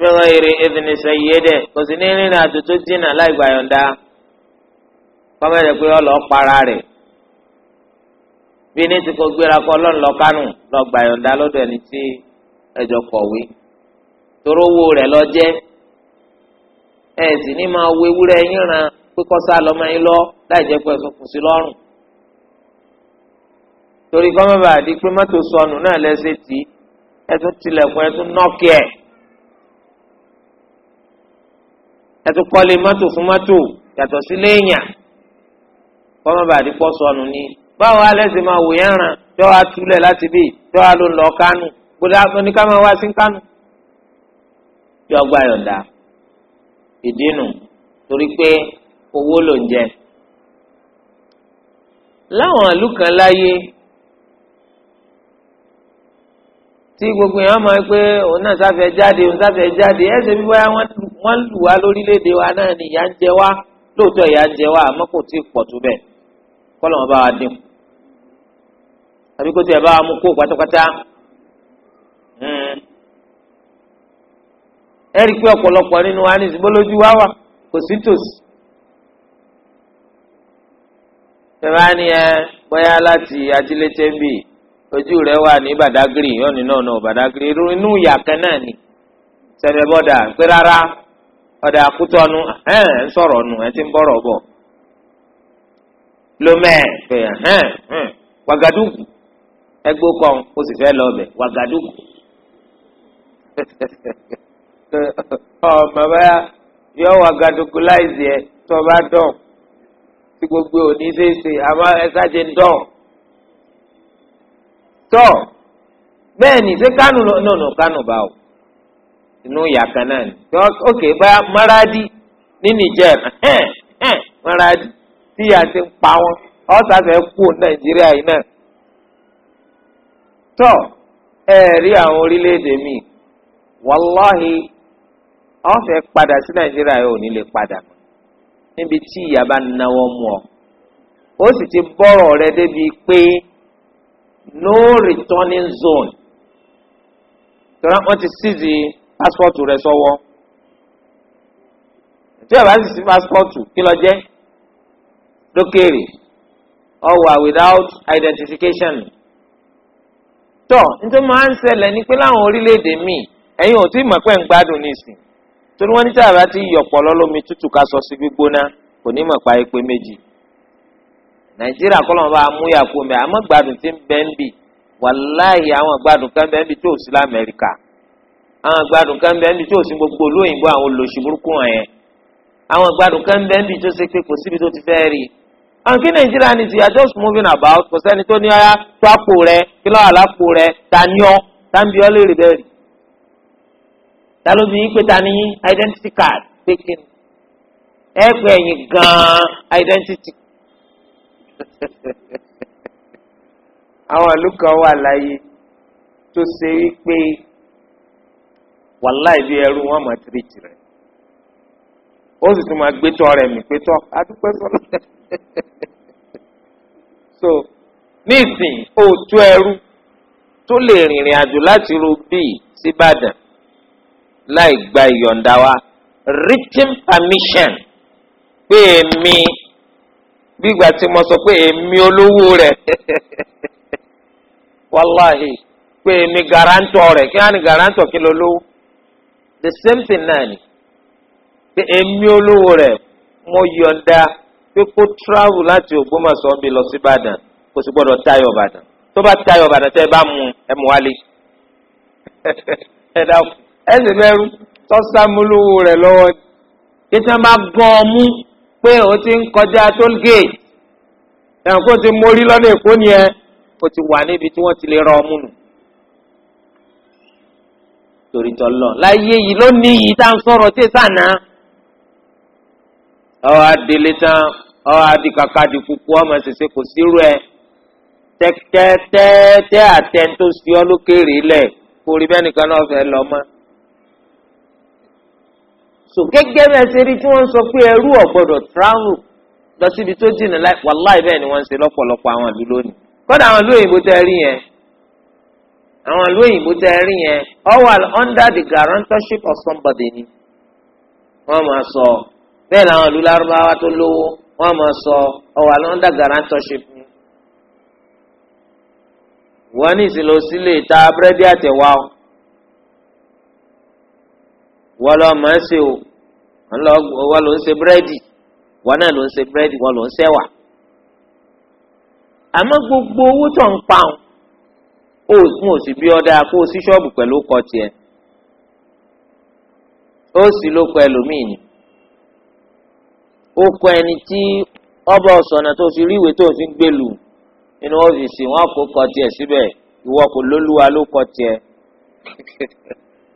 bẹ́ẹ̀ èrè ẹ̀dínì sẹ́yẹ́dẹ̀ kò sí ní rìnrìn àjò tó jìnnà láì gbàyọ̀ǹda kọ́mẹ́rẹ́ pé ọlọ́ para rẹ̀ bí ní ti kò gbéra kọ́ ọlọ́run lọ kánù lọ gbàyọ̀ǹda lọ́dọ̀ ẹni tí ẹjọ́ kọ̀wé rẹ̀ lọ jẹ́ ẹ̀ sì ní máa wo ewúrẹ́ yín ran pé kọ́sá lọ́mọ yín lọ láì jẹ́ pé kù sí lọ́rùn torí kọ́mẹ́rẹ́ àdí pé mọ́tò sọnù náà lẹ́sẹ̀ tì yàtọ̀ kọ́lé mọ́tò fún mọ́tò yàtọ̀ sí léèyàn kọ́mọ́ bàdí pọ̀ sọnù ni báwo alẹ́sẹ̀ máa wò yẹn ràn tọ́ a túlẹ̀ láti bí tọ́ a ló ń lọ kánú gbọdọ̀ ní ká máa wá sí kánú. bí ọgbà yọ̀ǹda ìdínú torí pé owó ló ń jẹ. láwọn ìlú kan láyé tí gbogbo yẹn wọ́n máa pé òun náà sáfẹ́ jáde òun sáfẹ́ jáde ẹ̀ ṣe bí bóyá wọ́n wọ́n lù wá lórílẹ̀‐èdè wa náà ni ìyà ń jẹ wá lóòótọ́ ìyà ń jẹ wá àmọ́ kò tí ì pọ̀ tó bẹ́ẹ̀ kọ́lọ̀ wọn bá wa dín kù kó tiẹ̀ bá wa mú kó pátápátá hmm. ẹ rí i pé ọ̀pọ̀lọpọ̀ nínú wa ní ìsìnbó lójú wà kò sí tòsí. bẹ́ẹ̀ ni ẹ bóyá láti ajílété ń bì ojú rẹ wà ní Badagry yóò ní náà náà Badagry inú ìyà kan náà ni sẹ́mi bọ́dà pé rárá ọ̀dà àkútọ́nu ẹ̀hẹ́n ń sọ̀rọ̀ nù ẹ̀ ti ń bọ̀rọ̀ bọ̀ lomẹ́ pé ẹ̀hẹ́n wàgàdùgù ẹgbó kan ó sì fẹ́ lọ bẹ̀ wàgàdùgù ọ bàbá yọ wàgàdùgù láìsí ẹ tó bá dán tí gbogbo òní ṣe é ṣe àmọ́ ń dán tọ́ bẹ́ẹ̀ ṣé kánù lọ́nà kánù bá inú ìyá kan náà ni ok báyà mọ́rádì ní Niger mọ́rádì tí ìyá ti ń pa wọn ọ̀sàfẹ́ kú Nàìjíríà yìí náà tọ́ ẹ rí àwọn orílẹ̀-èdè míì wàláhì ọ̀fẹ́ padà sí Nàìjíríà yìí ò ní lè padà níbi tí ìyá bá náwó mú ọ ó sì ti bọ́rọ̀ rẹ débi pé no returning zone tọ́lá wọ́n ti ṣíìsì pásítọ̀tù rẹ sọ́wọ́ tí ọba sì sí pásítọ̀tù kí ló jẹ́ lókèrè ọwà without identification tọ nítorí máa ń ṣẹlẹ̀ ní pé láwọn orílẹ̀-èdè míì ẹ̀yin ò tí ì mọ̀ pé ń gbádùn nísìn torí wọ́n ní tí àbá ti yọ̀pọ̀ lọ́lọ́mi tútù ká sọ sí gbígbóná kò ní mọ̀ pa ipe méjì nàìjíríà kọ́ lọ́nà bá a mú yàgò mẹ́ àmọ́ gbádùn ti ń bẹ́ẹ̀ ń bì wàláhì àwọn gbádùn kan bẹ́ẹ̀ ń bì tó sí lamẹ́ríkà àwọn gbádùn kan bẹ́ẹ̀ níbi tí òsín gbogbo olóyìnbó àwọn olóṣù burúkú wọn yẹn àwọn gbádùn kan bẹ́ẹ̀ níbi tó ṣe pé kò síbi tó ti fẹ́ rí i. àwọn kí nàìjíríà ni ti are just moving about kò sẹ́ni tó ní ara tó àpò rẹ kí lọ́wọ́ àlápò rẹ ta ni ọ́ ta ń bí ọ́ léèrè bẹ́ẹ̀ rí. ta ló bí yín pé ta ni yín identity card pé kí ni ẹ pé ẹ̀yin gan-an identity. àwọn ìlú kan wà láyé tó ṣe wípé. wàláì bí ẹrú wọn máa tiriti rẹ ó sì tún máa gbé tọ rẹ mí pé tọ adúpẹ́ sọlá so nísìnyí ó tú ẹrú tó lè rìnrìn àjò láti ru bíi síbàdàn láì gba ìyọ̀ǹda wa written permission pé èmi gbígbà tí mo sọ pé èmi olówó rẹ wàláhì pé èmi garanto rẹ kí wọ́n á ní garanto kí ló lówó the same thing náà ni pé èmi olówó rẹ̀ mo yọ̀ǹda pé kó travel láti Ògbómọ̀ṣọ́ bí lọ sí Ìbàdàn kó sì gbọ́dọ̀ tayọ̀ Ìbàdàn tó bá tayọ̀ Ìbàdàn tẹ́ ẹ bá mú ẹ mú wálé ẹ dákun ẹ sì bẹ́rù tọ́sàmúlówó rẹ̀ lọ́wọ́ kí sẹ́ máa gbọ́n ọ mú pé o ti ń kọjá toll gate ẹ̀hún kó o ti mórí lọ́nà Èkó ni o ti wà níbi tí wọ́n ti lè rọ ọmú nù torí tọ́lọ̀ láyé yìí ló ní yìí tá à ń sọ̀rọ̀ tí èsà náà. ọ̀rọ̀ adèlé tán ọ̀rọ̀ adìkàkà dìkùkù ọmọ ṣẹṣẹ kò sírú ẹ̀ tẹ́tẹ́tẹ́ àtẹ̀ntó sí ọ lókèrè lẹ̀ kórè bẹ́ẹ̀ nìkan náà fẹ́ lọ mọ́. sò gẹ́gẹ́ bẹ́ẹ̀ ṣe rí tí wọ́n sọ pé ẹrú ọ̀gbọ́dọ̀ travel lọ síbi tó jìnnà wàláì bẹ́ẹ̀ ni wọ́n ń ṣe lọ́pọ̀lọpọ̀ àwọn ìlú lónìí kọ́dà àwọn ìlú òyìnbó tẹ́ rí yẹn àwọn ìlú òyìnbó tẹ ẹ rí yẹn all under the guarantorship of somebody ni wọ́n máa sọ bẹ́ẹ̀ làwọn ìlú lárúbáwá tó lówó wọ́n máa sọ all while under guarantorship ni wọ́n ní ìsìlò sílé ta búrẹ́dì àtẹ̀wá o wọ́n lọ máa ń ṣe o wọ́n lọ ń ṣe búrẹ́dì wọ́n náà ló ń ṣe búrẹ́dì wọ́n lọ ń ṣẹ́wà àmọ́ gbogbo owó tó ń pa ọ́n. wọn ò sì bí ọdá kó o sí ṣọ́ọ̀bù pẹ̀lú ọkọ tiẹ̀ ó sì ló kọ ẹlòmíì ni ó kọ ẹni tí ọba ọ̀sọ̀nà tó fi ìwé tó fi ń gbèlú nínú ọ́fíìsì wọn kò kọ tiẹ̀ síbẹ̀ ìwọ kò lólúwa ló kọ tiẹ̀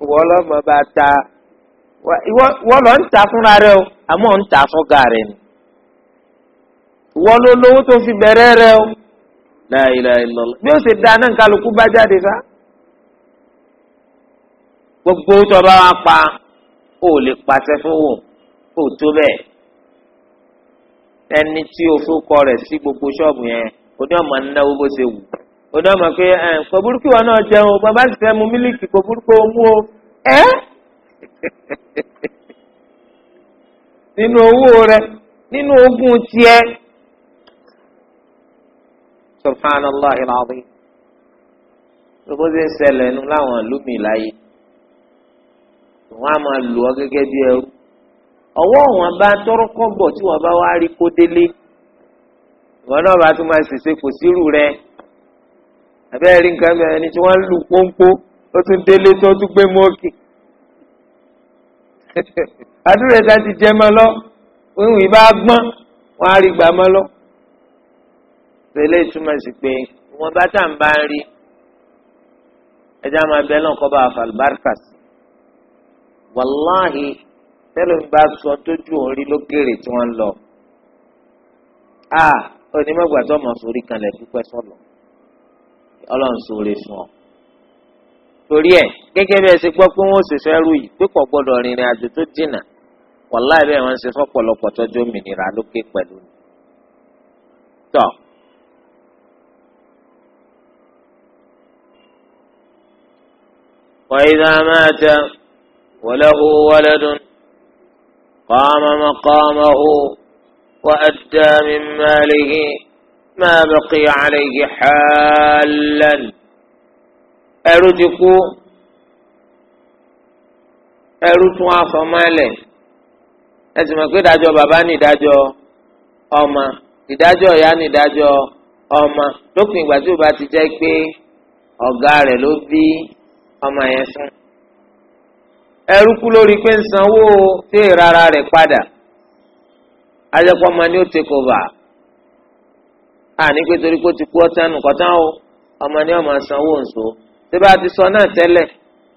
ìwọ ọlọ́mọ bá ta ìwọ lọ ń ta fúnra rẹ o àmọ́ ń ta fún gàrẹ́ ni ìwọ ló lówó tó fi bẹ̀rẹ̀ rẹ o la ilaha illallah bí ó ṣe da náà kálukú bá jáde sá gbogbo tó bá wá pa ó lè pàṣẹ fún wò ó tó bẹ́ẹ̀ ẹni tí o fún kọ rẹ̀ sí gbogbo ṣọ́ọ̀bù yẹn o ní ọmọ náwó bó ṣe wù o ní ọmọ pé ẹ kò burúkú wọn náà jẹun bàbá sì fẹ́ mu mílíkì kò burúkú o mú o ẹ nínú owó rẹ nínú ogún tiẹ̀. سبحان الله العظيم. gbogbo ṣe ń ṣẹlẹ̀ nu láwọn ìlúmi láyé wọn a máa lò ọ gẹ́gẹ́ bí ẹrú ọwọ́ wọn bá tọrọ kọ́bọ̀ tí wọn bá wá rí kó délé wọn náà bá tún máa ṣèṣe kò sírù rẹ abẹ́rẹ́ rí nǹkan bẹ́ẹ̀ ni tí wọ́n ń lu pọ́npọ́ ó tún délé tó tún gbé mọ́ọ̀kì àdúrà ti jẹ́ mọ́ lọ òun ìbá gbọ́n wọn á rí gbà mọ́ lọ sẹ́lẹ̀ túmọ̀ sí pé wọn bá tà ń bá ń rí ẹja máa bẹ náà kọ́ bá àfàlùbáríkà sí wàláhì tẹ́lẹ̀ ń bá sọ tójú òun rí lókèrè tí wọ́n ń lọ a onímọ̀gbà tó mọ̀ sórí kanlẹ̀ dúpẹ́ sọ̀lọ̀ ọlọ́run sóore fún ọ. torí ẹ gẹ́gẹ́ bí ẹ ṣe gbọ́ pé wọ́n ṣe rú yìí pé kò gbọ́dọ̀ rìnrìn àjò tó dìnnà wàláhì bẹ́ẹ̀ wọ́n ṣe fọ́pọ̀lọpọ̀ tọ́jú òmìnira lókè pẹ̀lú ni. tọ́ وإذا مات وله ولد قام مقامه وأدى من ماله ما بقي عليه حالا أردكوا ẹrútún afọmọlẹ ẹsìn mọ̀ pé ìdájọ́ bàbá ní ìdájọ́ ọmọ ìdájọ́ ìyá ní ìdájọ́ ọmọ lópin ìgbà tí ó bá ti jẹ́ pé ọ̀gá rẹ̀ ló bí ọmọ yẹn fún ẹrú kú lórí pé ń sanwó tí ìrara rẹ̀ padà ajẹ́pọ̀ ọmọ ni ó take over àní pé torí pé ó ti kú ọtán nù kọ́tán o ọmọ ni ọmọ sanwó nso tí bá ti sọ náà tẹlẹ.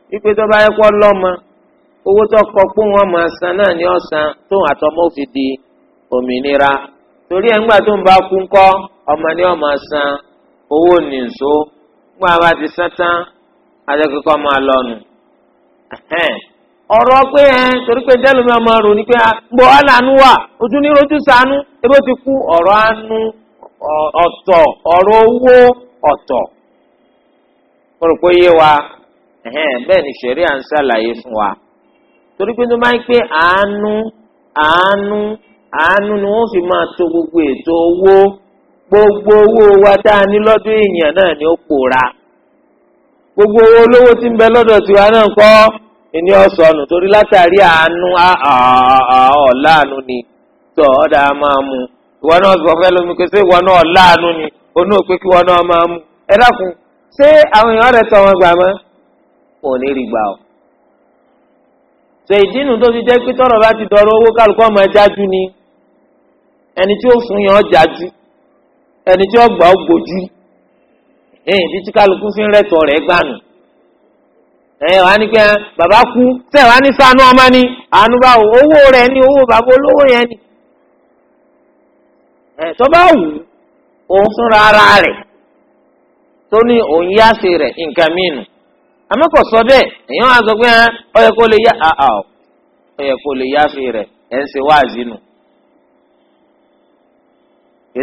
wípé tó bá yẹ kó lọ́mọ owó tó kọ pé wọn máa san náà ni ọ̀sán tóun àtọmọ́ fi di òmìnira torí ẹ̀ ńgbà tó ń bá kú ńkọ́ ọmọ ni ọmọ san owó nìṣó ńgbà bá ti sán tán. adékòkò máa lọnu ọ̀rọ̀ pé ẹ torí pé dẹ́lu mi ọmọ rò ní pé gbọ́ àlànú wà ojú ní rojú sànú ebó ti kú ọ̀rọ̀ ànú ọ̀tọ̀ ọ̀rọ̀ owó ọ̀tọ̀ mo rò pé yé wa bẹ́ẹ̀ ni sẹ̀rí à ń ṣàlàyé fún wa torí pé tó máa ń pé àánú àánú àánú ni wọ́n fi máa to gbogbo ètò owó gbogbo owó wa tá a ní lọ́dún èèyàn náà ni ó pòórá. gbogbo owó olówó tí ń bẹ lọ́dọ̀ tiwa náà kọ́ ìní ọ̀sọ̀nù torí látàrí àánú ọ̀làánú ni tọ́ ọ̀dà máa mú ìwọ náà sọ fẹ́ lómi pé ṣé ìwọ náà ọ̀làánú ni onú òpé kí wọn náà máa mú ẹ dákun ṣé àwọn èèyàn rẹ tọ wọn gbà mọ́ ò ní rí gbà ọ́. sọ ìdínú tó ti jẹ́ pé tọrọ bá ti dọ̀rọ̀ owó kálukú ọmọ jájú ni ẹni tí ó fún yàn jájú ẹni tí ó gbà ó ẹ̀yìn tí kálukú fi ń rẹ̀tọ̀ rẹ̀ gbànú. ẹ pé bàbá kú ni àánú owó rẹ ni owó bàbá olówó yẹn ni. ẹ bá wù òun ara rẹ tó ní òun yá sí rẹ nǹkan mìíràn sọ bẹ́ẹ̀ èèyàn á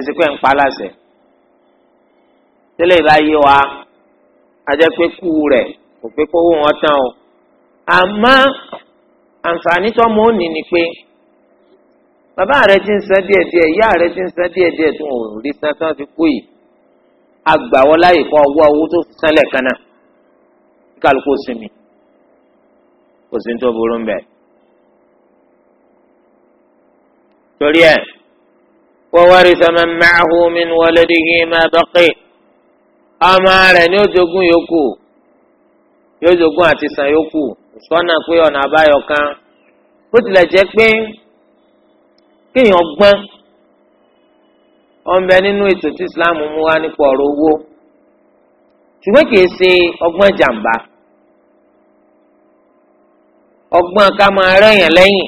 sọ pé tẹ́lẹ̀ bá yé wa ajẹ́ pé kú rẹ̀ kò pé kówó wọn tán o àmọ́ àǹfààní tọ́mọ òní ni pé bàbá rẹ ti ń san díẹ̀díẹ̀ ìyá rẹ ti ń san díẹ̀díẹ̀ tó ń rí san tán fi kú yìí agbàwọ́ láyè kọ́ ọwọ́ owó tó fi sánlẹ̀ kan náà kálukú sinmi kò sí ní tó burú ń torí ẹ̀ wọ́n wá rí sọ́mọ́ máa hu min waladihi ma baqi ọmọ rẹ̀ ni ó jogún yòókù yóò jogún àti san yòókù sọ́nà pé ọ̀nà àbáyọ kan bó tilẹ̀ jẹ́ pé kéèyàn gbọ́n ọ̀nbẹ nínú ètò tí Islam mú wá nípa ọ̀rọ̀ owó ṣùgbọ́n kìí ṣe ọgbọ́n jàǹbá ọgbọ́n ká máa rẹ́yìn lẹ́yìn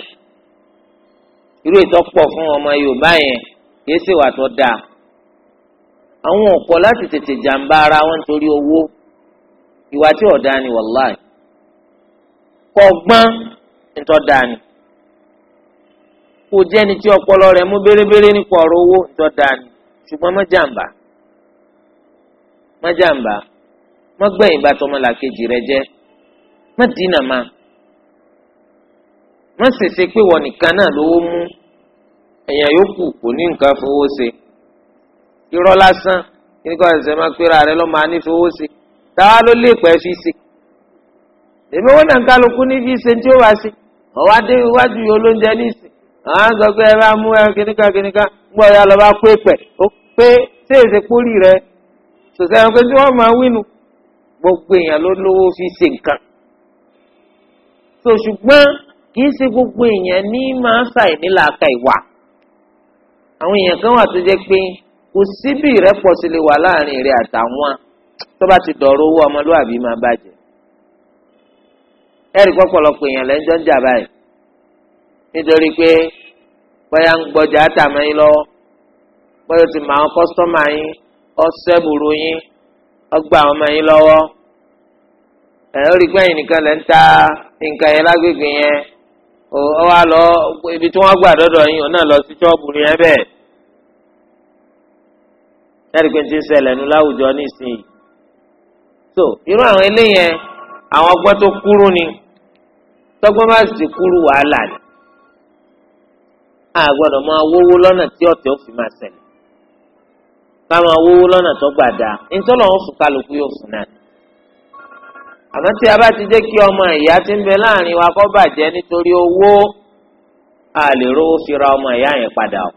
irú ìtọ́pọ̀ fún ọmọ Yorùbá yẹn kìí ṣèwà tó dáa àwọn ọ̀pọ̀ láti tètè jàǹbá ara wọn nítorí owó ìwà tí ọ̀dá ni wàláì kò gbọ́n ntọ́da kò jẹ́ni tí ọpọlọ rẹ̀ mú bérebére nípa ọ̀rọ̀ owó ntọ́da ṣùgbọ́n má jàǹbá má jàǹbá má gbẹ̀yìn bá tọmọlàkejì rẹ jẹ́ má dínà má má pé nìkan irọ́ lásán kí nǹkan ẹ̀sẹ̀ máa pera rẹ lọ́ máa nífẹ̀ẹ́ owó sí táwa ló lè pẹ́ fi ṣe èmi wọn náà kálukú ní fi ṣe tí ó wá sí ọwọ́ adé iwájú yìí olóúnjẹ ní ìsìn àwọn àgbà pé ẹ bá mú ẹ kíníkà kíníkà gbọ́ ya lọ́ba pé pẹ̀ ó pé ṣé èsè kórì rẹ sòsẹ́ ẹ̀rọ pé tí wọ́n máa wínu gbogbo èèyàn ló lówó fi ṣe nǹkan so kì í ṣe gbogbo èèyàn ní máa ń ṣàìnílàákà ìwà àwọn èèyàn kan wà tó jẹ́ pé kò sí bí ìrẹ́pọ̀ sí lè wà láàrin rẹ̀ àtàwọn tó bá ti dọ̀rọ̀ owó ọmọlúwàbí máa bàjẹ́ ẹ̀rí pọ̀pọ̀lọpọ̀ èèyàn lẹ́jọ́ ń jà báyìí nítorí pé bóyá ń gbọ́jà àtàmọ́ yín lọ́wọ́ bóyá ti mọ àwọn kọ́sítọ́mà yín ọ̀sẹ́bùrú yín ọgbà àwọn ọmọ yín lọ́wọ́ ẹ̀ ó rí pé nìkan lẹ́ ń ta nǹkan yẹn lágbègbè yẹn ọ wá lọ ibi tí wọ́n gbà dọ́dọ̀ yín òun náà lọ sí ṣọ́ọ̀bù yẹn bẹ́ẹ̀ láti pé ti ń ṣẹlẹ̀ nu láwùjọ nísìnyí. so irú àwọn eléyẹn àwọn ọgbọ́n tó kúrú ni tọgbọ́n bá sì kúrú wàhálà ni a gbọ́dọ̀ máa wówó lọ́nà tí ọ̀tẹ̀ ó fi máa ṣẹlẹ̀ ká máa wówó lọ́nà tó gbà dáa nítorí àwọn fún kálukú yóò fún náà àmọ́ tí a bá ti jẹ́ kí ọmọ ìyá ti ń bẹ láàrin wa kó bàjẹ́ nítorí owó a lè rówó fi ra ọmọ ìyá yẹn padà o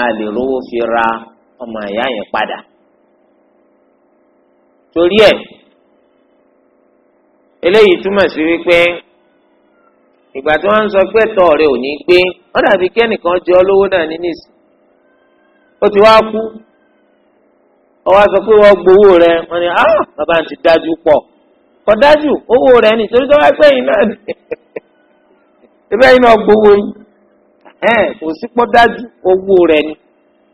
a lè rówó fi ra ọmọ ìyá yẹn padà torí ẹ̀ eléyìí túmọ̀ sí wípé ìgbà tí wọ́n ń sọ pé ẹ̀tọ́ rẹ ò ní gbé wọ́n dàbí kẹ́nìkan jẹ́ olówó náà ní nìsí ó ti wá kú Ọwọ́ wá sọ pé wọ́n gbowó rẹ wọ́n ni ah bàbá ti dájú pọ̀ kò dájú owó rẹ nítorí tó wá pé yìí náà ní ìbẹ́ yìí náà gbowó yìí kò sí pọ́ dájú owó rẹ̀ ni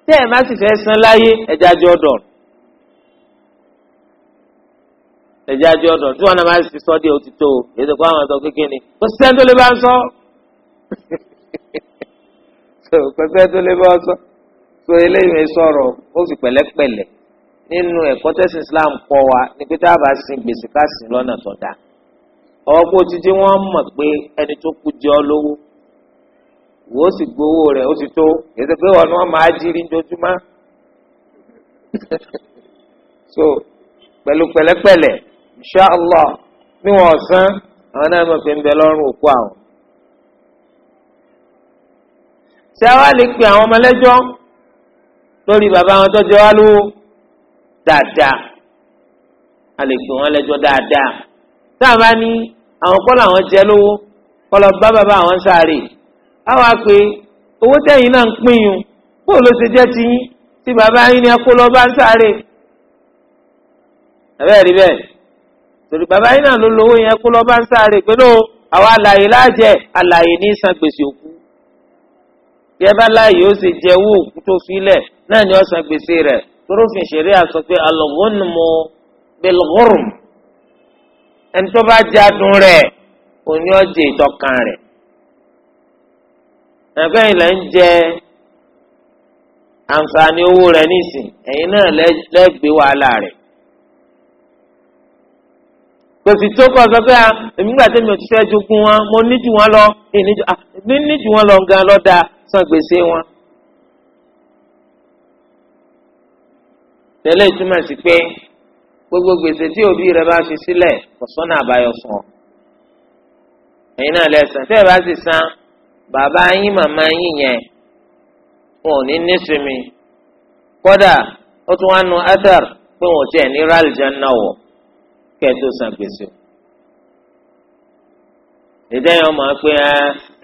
tẹ́ ẹ̀ má sì fẹ́ san láyé ẹ̀já jọ dọ̀rọ̀ ẹ̀já jọ dọ̀rọ̀ tí wọ́n náà má sì sọ díẹ̀ ó ti tó àwọn ọ̀dọ́ kékeré ni kò sí ẹni tó lè bá ń sọ kò sí ẹni tó lè bá ń sọ tó eléyìí sọ̀rọ̀ ó sì pẹ̀lẹ́pẹ̀lẹ́ nínú ẹ̀kọ́ tẹ̀sìn Islam kọ́ wa ni pé tá a bá sin gbèsè ká sin lọ́nà tó dáa ọwọ́ pé mọ̀ pé ẹni tó kú jẹ́ ọ lówó wò ó sì gbowó rẹ̀ ó ti tó èsì pé wọn ni wọn máa jírí njojúmọ́ so pẹ̀lú pẹ̀lẹ́pẹ̀lẹ́ inṣàlá ní wọn ọ̀sán àwọn náà mọ̀ pé ń bẹ lọ́rùn òkú àwọn. ṣé a wá lè pe àwọn ọmọlẹ́jọ́ lórí bàbá wọn tó jẹ wá lówó dáadáa a lè pè wọ́n lẹ́jọ́ dáadáa tá a bá ní àwọn kọ́ làwọn jẹ lówó kọ́ lọ bá bàbá àwọn sáré àwa pé owó tẹ̀yìn náà ń pín yín bó ló ṣe jẹ́ ti yín tí bàbá yín ni ẹ kó lọ bá ń sáré ẹ̀bẹ́ rí bẹ́ẹ̀ torí bàbá yín náà ló lówó yẹn kó lọ bá ń sáré pé ló àwa àlàyé láàjẹ àlàyé ní san gbèsè òkú bí ẹ bá láàyè ó sì jẹ owó òkú tó filẹ̀ náà ni ó san gbèsè rẹ̀ torófin ṣeré àsọ pé alọ́gọ́nùmọ́ bẹ́lgọ́rùn ẹni tó bá jẹ́ adùn rẹ̀ òní ọ̀jẹ̀ ìtọ́kàn rẹ̀ ẹgbẹ́ yìí lẹ́ ń jẹ àǹfààní owó rẹ̀ nísìn ẹ̀yin náà lẹ́gbẹ̀ẹ́ wàhálà rẹ̀ kò sì tó kọ́ sọ pé à èmi gbà tẹ́mi ò ti fẹ́ jogún wọn mo ní jù wọn lọ ní jù wọn lọ gan lọ́dà san gbèsè wọn. tẹ́lẹ̀ túmọ̀ sí pé gbogbo gbèsè tí òbí rẹ bá fi sílẹ̀ kò sọ́nà àbáyọ fún ọ ẹ̀yin náà lẹ́sàn tẹ́ ẹ bá sì san bàbá yín màmá yín yẹn wọn ò ní nísinmi kódà ó tún wá nu athar pé wọn ò tiẹ̀ ní rálì jẹ́ náà wọ̀ kẹ́ ẹ tó san gbèsè o dídá yẹn mọ̀ pé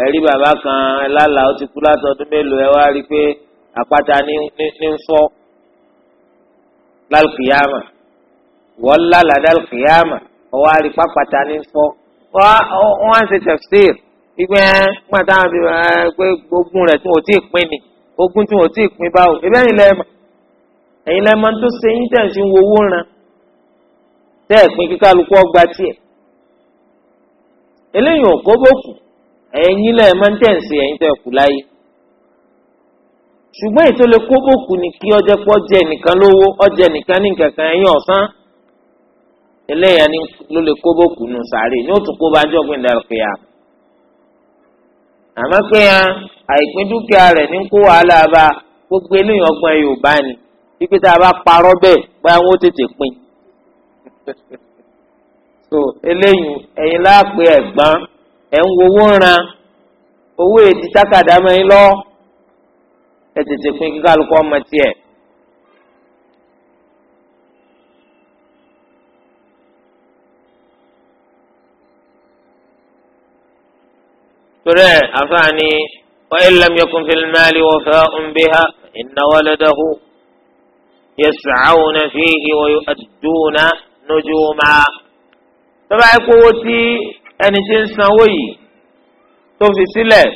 ẹ̀rí bàbá kan lálà ó ti kú látọdún mélòó ẹ wá rí i pé àpáta ní ń fọ́ lálùkìyàmà wọ́n lálà dálùkìyàmà ọwọ́ àrí pápátá ní ń fọ́ wọ́n á ń ṣe tẹ̀síìrì ìgbẹ́ pàtà pé ogún rẹ̀ tí wọ́n ti pín ni ogún tí wọ́n ti pín báwo ìbẹ́ ẹ̀yin lẹ́ẹ̀mọ́ ẹ̀yin lẹ́ẹ̀mọ́ tó ṣe yín tẹ̀ sí wo owó ran tẹ́ ẹ̀ pín kíkálukú ọgbà tiẹ̀ eléyìí ò kó bókù ẹ̀yin lẹ́ẹ̀mọ́ tẹ̀ ń ṣe ẹ̀yin tẹ̀ kù láyé ṣùgbọ́n ètò lè kó bòkù ní kí ọjọ́ pọ̀ jẹ́ nìkan lówó ọjẹ́ nìkan ní kankan ẹ̀yìn ọ̀sán eléyàn ló lè kó nù sàárè ní òtún kó bá jọ́gbìn àmọ́ pé hàn àìpín dúkìá rẹ̀ ní kó wàhálà bá gbogbo eléyìí ọgbọ́n Yorùbá ni wípé tá a bá parọ́ bẹ́ẹ̀ báyà wọ́n tètè pín so eléyìí ẹ̀yin láàpẹ ẹ̀gbọ́n ẹ̀ ń wowó ran owó èdè tákàdá mẹ́rin lọ ẹ̀ tètè pín kíkálukú ọmọ tiẹ̀. torí ẹ̀ àfààní wa illam yakun fil mali wafa'un biha inna waladahu yas'awna fihi wa yu'adduna nujuma. tọ́ba ẹ̀kọ́ owó tí ẹni tí ń sanwó yìí tó fi sílẹ̀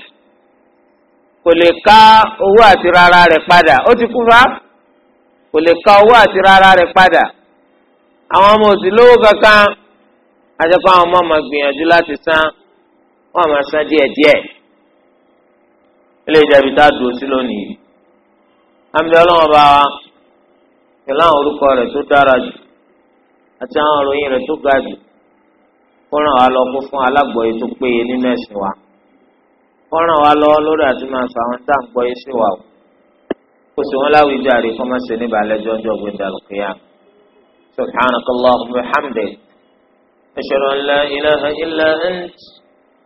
kò lè ká owó àti rárá rẹ̀ padà ó ti kú fa kò lè ká owó àti rárá rẹ̀ padà àwọn ọmọ òsì lówó kankan àjẹpọ̀ àwọn ọmọ ọmọ gbìyànjú láti san wọn máa san díẹ̀ díẹ̀ ilé ìjẹbi tá a dùn sí lónìí àmì ọlọ́wọ́n bá wa pẹ̀lú àwọn orúkọ rẹ̀ tó dára jù àti àwọn òròyìn rẹ̀ tó ga jù kó ràn lọ kó fún alágbọ̀ye tó péye nínú ẹ̀sìn wa kó ràn lọ lórí àti máa fa àwọn tá à ń gbọ́yé sí wa o kó sì wọ́n láwùjọ àrè kó má ṣe ní balẹ̀jọ́ ọjọ́ gbẹ̀dẹ̀ àlùkìyà subhanakallahumma wa hamdik ashhadu an la ilaha illa ant.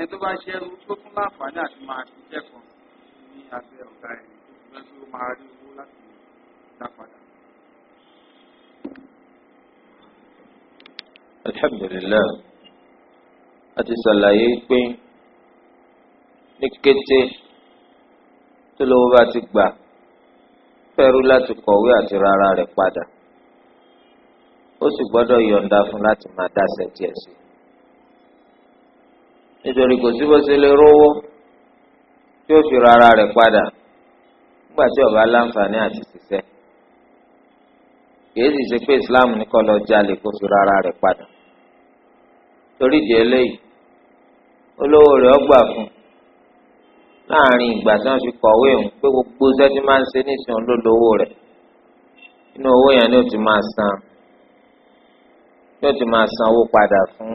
ẹni tó bá ṣe ẹrú tó tún láǹfààní àti máa ṣiṣẹ́ kan ní abẹ́ ọ̀gá ẹni tó máa rí owó láti dá padà. alhamdulilayi a ti ṣàlàyé pé ní kété tó lówó bá ti gbà fẹ́rú láti kọ̀wé àti rárá rẹ̀ padà ó sì gbọ́dọ̀ yọ̀ǹda fún láti máa dá sẹ́ńtì ẹ̀ sí i nítorí kò sí bó ṣe lè rówó tí ó fi rárá rẹ̀ padà nígbà tí ọba láǹfààní àti ṣiṣẹ́ kìí sì ṣe pé islam ní kọ́ lọ jalè kó fi rárá rẹ̀ padà torí ìdí eléyìí olówó rẹ̀ ọgbà fún láàrin ìgbà tí wọ́n fi kọ̀wé òun pé gbogbo sẹ́tí máa ń ṣe nísìnyí olólówó rẹ̀ inú owó yẹn ni ó ti máa san ó ti máa san owó padà fún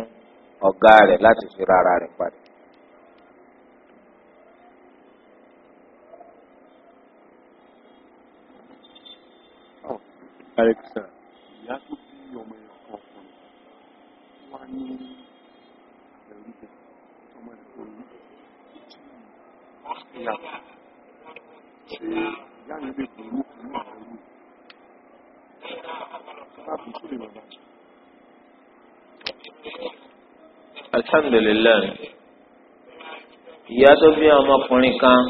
ọ̀gá rẹ̀ láti fi rárá rẹ̀ padà. ìyá tó bí ọmọ ẹ̀yọ̀ kan fún un, wá ní ẹ̀rí bẹ̀, ọmọ ẹ̀yọ̀ kan ní ìyá ṣe ìyá yẹn lè pẹ̀lú pẹ̀lú àwọn ìlú alhamdulilayi ìyá tó bí ọmọkùnrin kan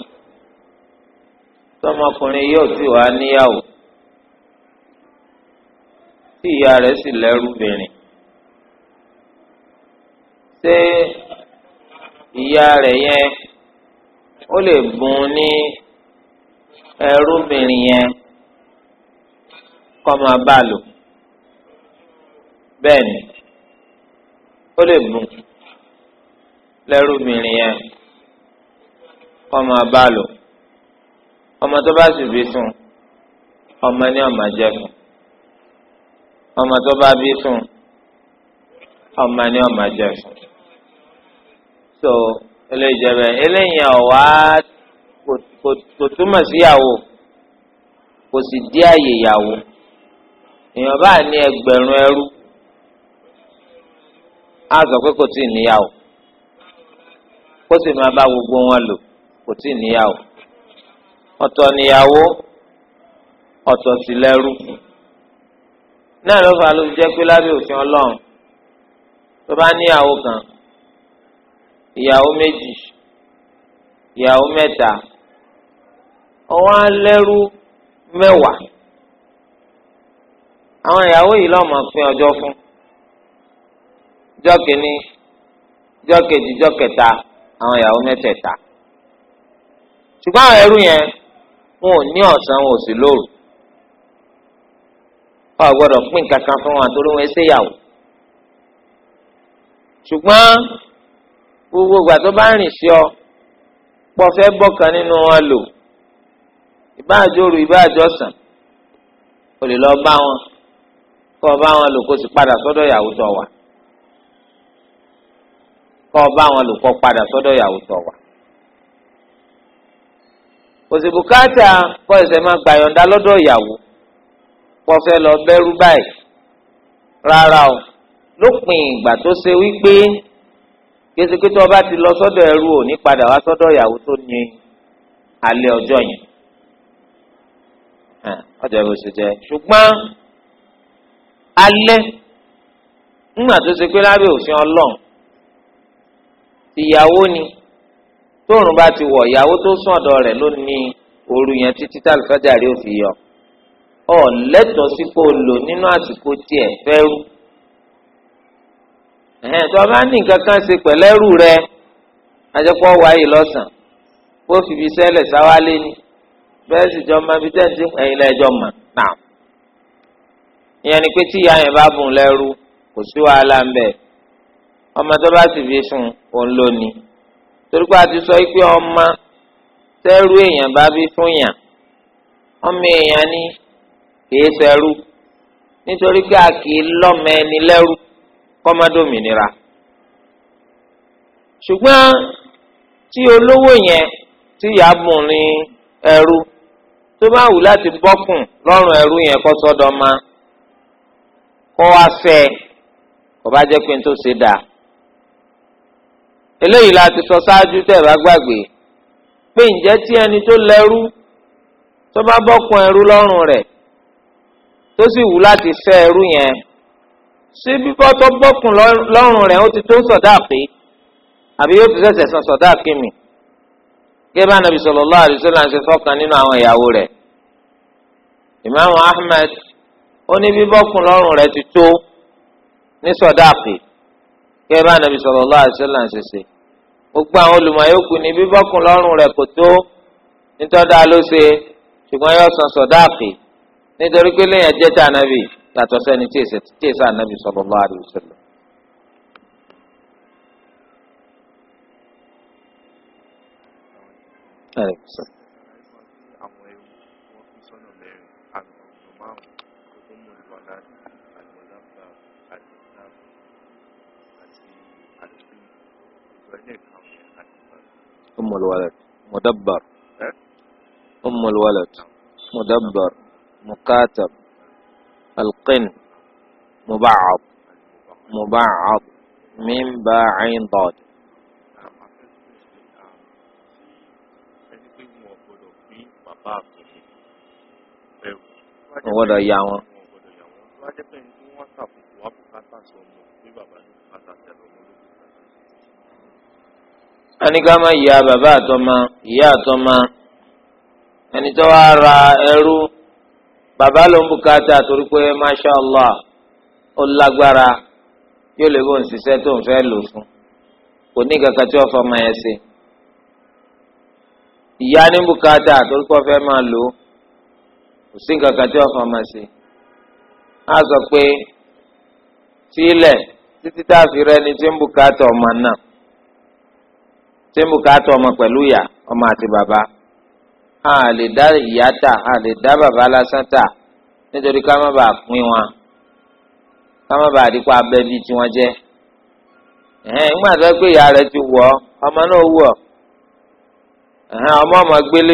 tọmọkùnrin yóò sì wá níyàwó tí ìyá rẹ̀ sì lẹ́rúbìnrin ṣé ìyá rẹ̀ yẹn ó lè bùn ní ẹrúbìnrin yẹn kọ́ máa bá lò bẹ́ẹ̀ ni ó lè mú lẹ́rú mìíràn yẹn kọ́ máa bá lò ọmọ tó bá sì bí fún ọmọ ní ọmọ jẹ fún ọmọ tó bá bí fún ọmọ ní ọmọ jẹ fún so eléyìí jẹ bẹ́ẹ̀ eléyìí ọ̀wá kò túmọ̀ síyàwó kò sì dí àyè ìyàwó èèyàn bá ní ẹgbẹ̀rún ẹrú á sọ pé kò tí ì níyàwó kó sì máa bá gbogbo wọn lò kò tí ì níyàwó ọ̀tọ̀ níyàwó ọ̀tọ̀ sì lẹ́rú náà ló fà ló jẹ́ pé lábẹ́ òfin ọlọ́run tó bá níyàwó kan ìyàwó méjì ìyàwó mẹ́ta ọwọ́ alẹ́rú mẹ́wàá àwọn ìyàwó yìí lọ́mọ pín ọjọ́ fún jọ́ kìíní jọ́ kejì jọ́ kẹta àwọn ìyàwó mẹ́tẹ̀ẹ̀ta ṣùgbọ́n àwọn ẹrú yẹn wọn ò ní ọ̀sán wọn ò sì lóru wọn ò gbọdọ̀ pín kankan fún wọn àtòrí wọn ẹsẹ̀ yàwó ṣùgbọ́n gbogbo ìgbà tó bá rìn sí ọ pọ̀ fẹ́ bọ̀kan nínú wọn lò ìbáàjòrò ìbáàjọsàn o lè lọ bá wọn kó o bá wọn lò kó o sì padà sọ́dọ̀ ìyàwó tó wà kọ́ ọ bá àwọn olùkọ́ padà sọ́dọ̀ ìyàwó tó wà. òsibùkátà kọ́ ẹsẹ̀ máa gbàyọ̀ǹda lọ́dọ̀ ìyàwó kọ́ fẹ́ lọ bẹ́rú báyìí rárá o lópin ìgbà tó ṣe wípé kéṣekéṣe ọba ti lọ sọ́dọ̀ ẹrú ò ní padà wá sọ́dọ̀ ìyàwó tó ní alẹ́ ọjọ́ yẹn ọjọ́ ìbò sì jẹ ṣùgbọ́n alẹ́ nígbà tó ṣe pé lábẹ́ òfin Ọlọ́run ìyàwó ni tóòrùn bá ti wọ̀ ìyàwó tó sùn ọ̀dọ̀ rẹ̀ ló ní òru yẹn títí tá àlùfájàrí ò fi yọ ọ lẹ́tọ̀ọ́ sí kó lò nínú àsìkò tiẹ̀ fẹ́rù tó o bá ní nǹkan kan ṣe pẹ̀lẹ́rù rẹ ajẹ́pọ̀ wáyé lọ́sàn bó fìbí sẹ́lẹ̀ sáwálé ni bẹ́ẹ̀ sì jọ máa fi tẹ́ǹtì ẹ̀yìn lẹ́jọ́ mọ̀ náà ìyẹn ni pé tíya yẹn bá bùn lẹ́rù kò sí wàhálà ń bẹ́ẹ̀ ọmọ tó bá sì fi sùn òun ló ni torí pé a ti sọ pé ọmọ tẹ́rú èèyàn bá bí fún yàn ọmọ èèyàn ni kìí ṣẹrú nítorí pé a kìí lọ́mọ ẹni lẹ́rú kọ́mọdómìnira ṣùgbọ́n tí olówó yẹn tí yàbùn ní ẹrú tó bá wù láti bọ́kùn lọ́rùn ẹrú yẹn kọ́ sọ́dọ̀ ma kọ́ wá fẹ́ pé n tó ṣe dáa eléyìí la ti sọ ṣáájú tẹ́ ẹ bá gbàgbé pé ǹjẹ́ tí ẹni tó lẹ́rú tó bá bọ́kun ẹrú lọ́rùn rẹ̀ tó sì wù láti fẹ́ ẹrú yẹn ṣé bíbọ́ tó bọ́kun lọ́rùn rẹ̀ ó ti tó sọ̀dáàpé àbí yóò ti ṣẹ̀ṣẹ̀ san sọ̀dáàpé mi gẹ́gẹ́ bá nàbì sallallahu alaihi wasallam ṣe sọ́kan nínú àwọn ìyàwó rẹ̀ ìmáàmù Ahmed ó ní bíbọ́kun lọ́rùn rẹ̀ ti tó ní sọ̀dáàpé gẹ́gẹ́ bá nàbì sallallahu alaihi wasallam ṣe ṣe gbogbo àwọn olùmọ̀yókù ní bíbọ́kùn lọ́rùn rẹ̀ kò tó nítọ́dá ló ṣe ṣùgbọ́n yóò san sọ̀dáàkì nítorí pé lèèyàn jẹ́ tá ànábì yàtọ̀ sẹ́ni tí èsà ànábì sallallahu alaihi wasallam. Thank you. أم الولد مدبر أم الولد مدبر مكاتب القن مبعض مبعض من باعين ضاد wọ́n gbọ́dọ̀ anigama ya bàbá àtọmọ ìyá àtọmọ ẹni tó wá ra ẹrú bàbá ló ń bùkátà torí pé masha allah ó lágbára yóò lè bó ń ṣiṣẹ́ tó ń fẹ́ lò fún kò ní kankan tí wọ́n fọmọ yẹn ṣe ìyá ní bùkátà torí pé wọ́n fẹ́ máa lò kò sí kankan tí wọ́n fọmọ ṣe á sọ pé sílẹ̀ títí tá a fi rẹ́ni tí ń bùkátà ọmọ náà. ṣé ka atọ ọmọ pẹ̀lú ya, ọmọ àti bàbá a lè dá ìyá a lè dá bàbá lásán tà nítorí ká má bàa pín wọn ká má bàa dípò abẹ́ bíi tiwọn jẹ́ ẹ̀hẹ́n ìgbà tó gbé ìyá ti wọ ọmọ náà wọ̀ ẹ̀hẹ́n ọmọ ọmọ gbélé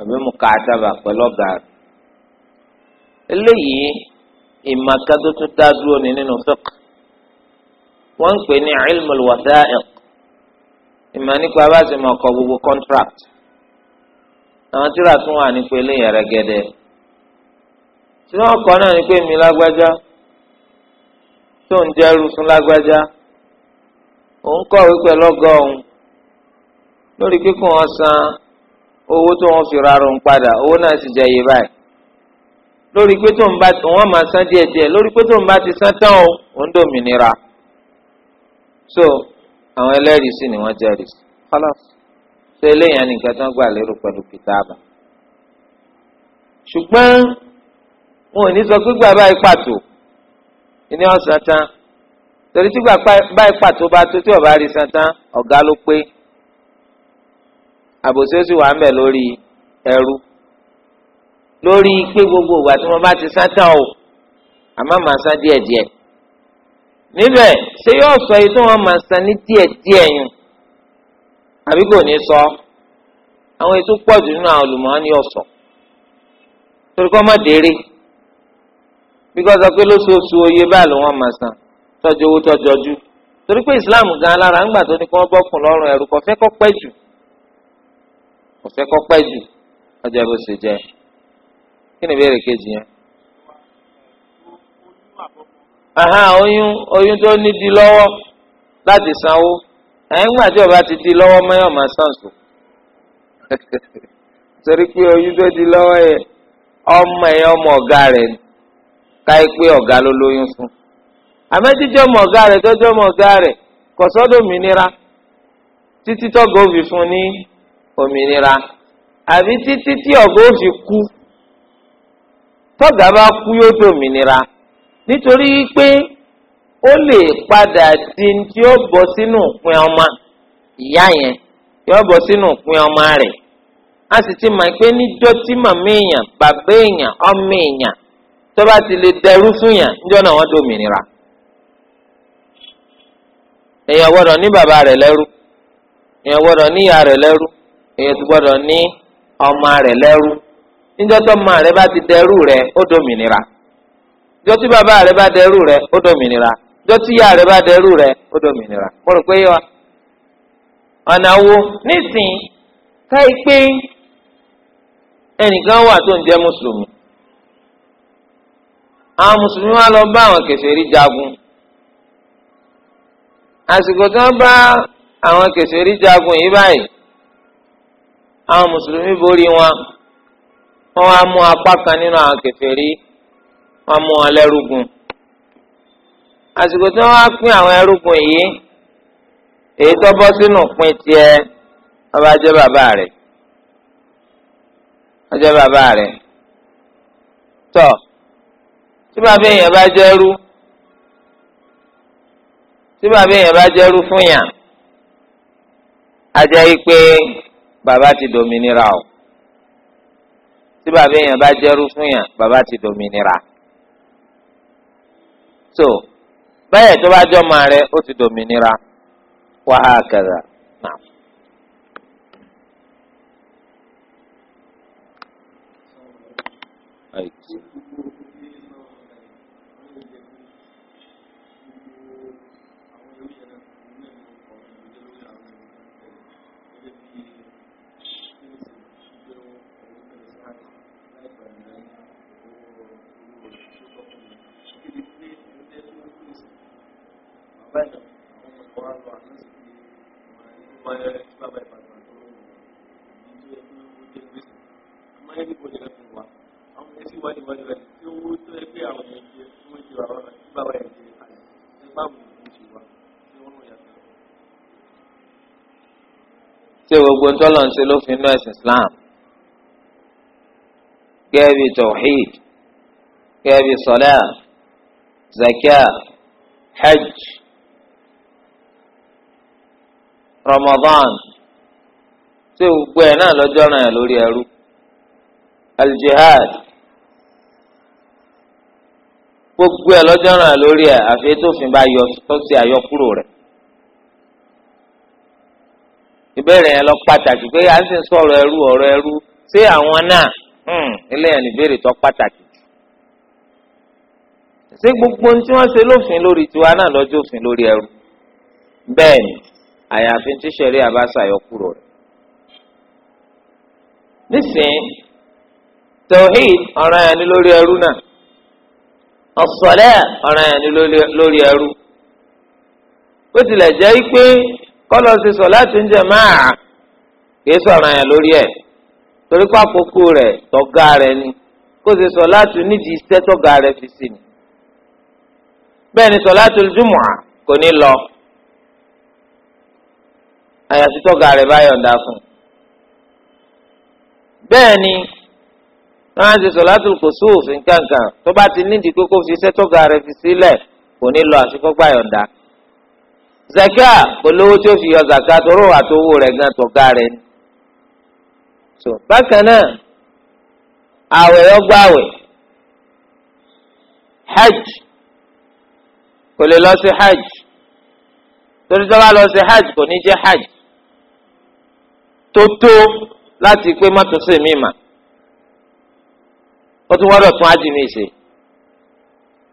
àbí mo ka àtàbà pẹ̀lú ọ̀gá rẹ̀. eléyìí ìmàkà tó tún dá dúró ní nínú fiqh wọ́n ń pè ní ilmul wasa'iq ìmọ̀ nípa bá ti mọ̀ kọ gbogbo contract àwọn tíra tún wà nípa eléyìí rẹ́gẹ́dẹ́ tí wọ́n kọ́ náà ni pé mi lágbájá tó ń jẹ́rú fún lágbájá òun kọ̀wé pẹ̀lú ọgọ́ òun lórí kíkún ọ̀sán owó tó wọn fi rarun padà owó náà sì jẹ iye báyìí lórí pé tó ń bá wọn máa san díẹ̀ díẹ̀ lórí pé tó ń bá ti san tán o òun dòmìnira so àwọn ẹlẹ́rìí sì ni wọ́n jẹ́rìí sí kọ́lá tó eléyàn nìkan tán gbà lérò pẹ̀lú kìtàbà ṣùgbọ́n wọn ò ní sọ pé gbà báyìí pàtó ní ọ̀sán tán torí tí gbà báyìí pàtó bá tó tí ọ̀bá rí san tán ọ̀gá ló pé àbòsí ó sì wà ń bẹ̀ lórí ẹrú lórí pé gbogbo ìgbà tí wọ́n bá ti sátán o àmọ́ màá san díẹ̀díẹ̀ níbẹ̀ ṣé yóò sọ èyí tí wọ́n máa san ní díẹ̀díẹ̀ yẹn àbí kò ní sọ àwọn ètò pọ̀ jù nínú àwọn olùmọ̀ọ́ ní ọ̀sọ̀ torí kọ́ má déré bí pé lóṣooṣù oyè báà ló wọ́n máa san tọ́jú owó tọ́jú torí pé Islam gan alára ńgbà tó ní kí bọ́kùn lọ́rùn ẹ̀rù kò fẹ́ pẹ́ jù kò fẹ́ kọ́ pẹ́ jù ọjà bó ṣe jẹ kí ni ìbéèrè kejì yẹn. oyún oyún tó ní di lọ́wọ́ láti sanwó ẹ̀yìn gbà tí ọba ti di lọ́wọ́ mẹ́yàn máa sàn sùn torí pé oyún tó di lọ́wọ́ yẹn ọmọ ẹ̀yìn ọmọ ọ̀gá rẹ̀ káyé pé ọ̀gá ló lóyún fún àmẹ́jíjọ́ ọmọ ọ̀gá rẹ̀ tọ́jú ọmọ ọ̀gá rẹ̀ kọ̀sọ́dọ̀ mìíràn títí tọ́gọ̀ òfin fún ní òmìnira àbí títí tí ọ̀gá ó kú tọ́gà bá kú yóò tó òmìnira nítorí pé ó lè padà di tí ó bọ́ sínú ìpín ọmọ ìyá yẹn yóò bọ́ sínú ìpín ọmọ rẹ̀ a sì ti mọ̀ pé níjọ́ tí màmá èèyàn bàbá èèyàn ọmọ èèyàn tó bá ti lè dẹrú fún yàn níjọ́ náà wọ́n dòmìnira èèyàn gbọ́dọ̀ ní bàbá rẹ̀ lẹ́rú èèyàn gbọ́dọ̀ ní ìyá rẹ̀ lẹ́rú èyàn ti gbọ́dọ̀ ní ọmọ rẹ̀ lẹ́rú níjọ́ tó ọmọ rẹ̀ bá ti dẹrú rẹ̀ ó dòmìnira níjọ́ tí bàbá rẹ̀ bá dẹrú rẹ̀ ó dòmìnira níjọ́ tí ìyá rẹ̀ bá dẹrú rẹ̀ ó dòmìnira mo rò pé yọ ọ̀nà wo nísìn káyí pé ẹnìkan wà tó ń jẹ́ mùsùlùmí àwọn mùsùlùmí wa lọ bá àwọn kèfèrí jagun àsìkò tó ń bá àwọn kèfèrí jagun yìí báyìí àwọn mùsùlùmí borí wọn wọn wá mú apá kan nínú àwọn kèfèrí wọn mú wọn lẹ́rúgùn àsìkò tí wọn wá pín àwọn ẹrúgùn yìí èyí tó bọ́ sínú pín tiẹ̀ ọba jẹ́ bàbá rẹ̀ ọjọ́ bàbá rẹ̀ tọ́ tí bàbá èèyàn bá jẹ́rú tí bàbá èèyàn bá jẹ́rú fún yàn á jẹ́ bàbá ti dòmìnira o tí bàbá èèyàn bá jẹ́rú fún yàn bàbá ti dòmìnira so báyẹ̀ tó bá jọ máa rẹ ó ti dòmìnira wa hakadha náà. Thank you. bẹ́ẹ̀ ṣé gbogbo ń tọ́lọ̀ ń ṣe lófin inú ẹ̀sìn Islam gẹ́gẹ́ bí tawhid gẹ́gẹ́ bí sọlá zakia hajj. Ramadan ṣé gbogbo ẹ̀ náà lọ́jọ́ ràn yàn lórí ẹrú aljihad gbogbo ẹ̀ lọ́jọ́ ràn yàn lórí ẹ̀ àfi tófin bá yọ tó ṣe àyọkúrò rẹ̀ ìbéèrè yẹn lọ pàtàkì pé à ń sì sọ̀rọ̀ ẹrú ọ̀rọ̀ ẹrú ṣé àwọn náà hmm, ilé yẹn níbèrè tó pàtàkì jù ṣé gbogbo ohun tí wọ́n ṣe lófin lórí tiwa náà lọ́jọ́ òfin lórí ẹrú bẹ́ẹ̀ ni. àyàfi tí sẹ̀rí àbáṣà yọ kúrò rẹ̀. nísìnyí tawhid ọ̀ràn yẹn ni lórí ẹrú náà ọ̀sọ̀lẹ̀ ọ̀ràn yẹn ni lórí ẹrú bó tilẹ̀ jẹ́ pé sọ láti ń jẹ máa kìí sọ̀ràn yẹn lórí ẹ̀ torí pé àkókò rẹ̀ ni kó sọ láti nídìí iṣẹ́ tọ́gá rẹ̀ fi sí ni bẹ́ẹ̀ ni sọ láti jùmọ̀ kò ní lọ. àyàfi tọ́ga rẹ̀ bá yọ̀ǹda fún un. bẹ́ẹ̀ ni wọ́n á ṣe sọ̀látùl kùsúfù nǹkankan tó bá ti nídìí pé kó fi iṣẹ́ tọ́ga rẹ̀ fi sílẹ̀ kò ní lọ àfi kọ́gbà yọ̀ǹda. zaka olówó tí ó fi yọ zaka toró àtowó rẹ̀ gan tọ́ga rẹ̀ ni. so bákan náà àwẹ̀ ọgbàwẹ̀ hajj kò lè lọ sí hajj torí tó bá lọ sí hajj kò ní jẹ́ hajj. tó tó láti pé má tó Otu mà ó tún wọ́dọ̀ tún ájì mi ṣe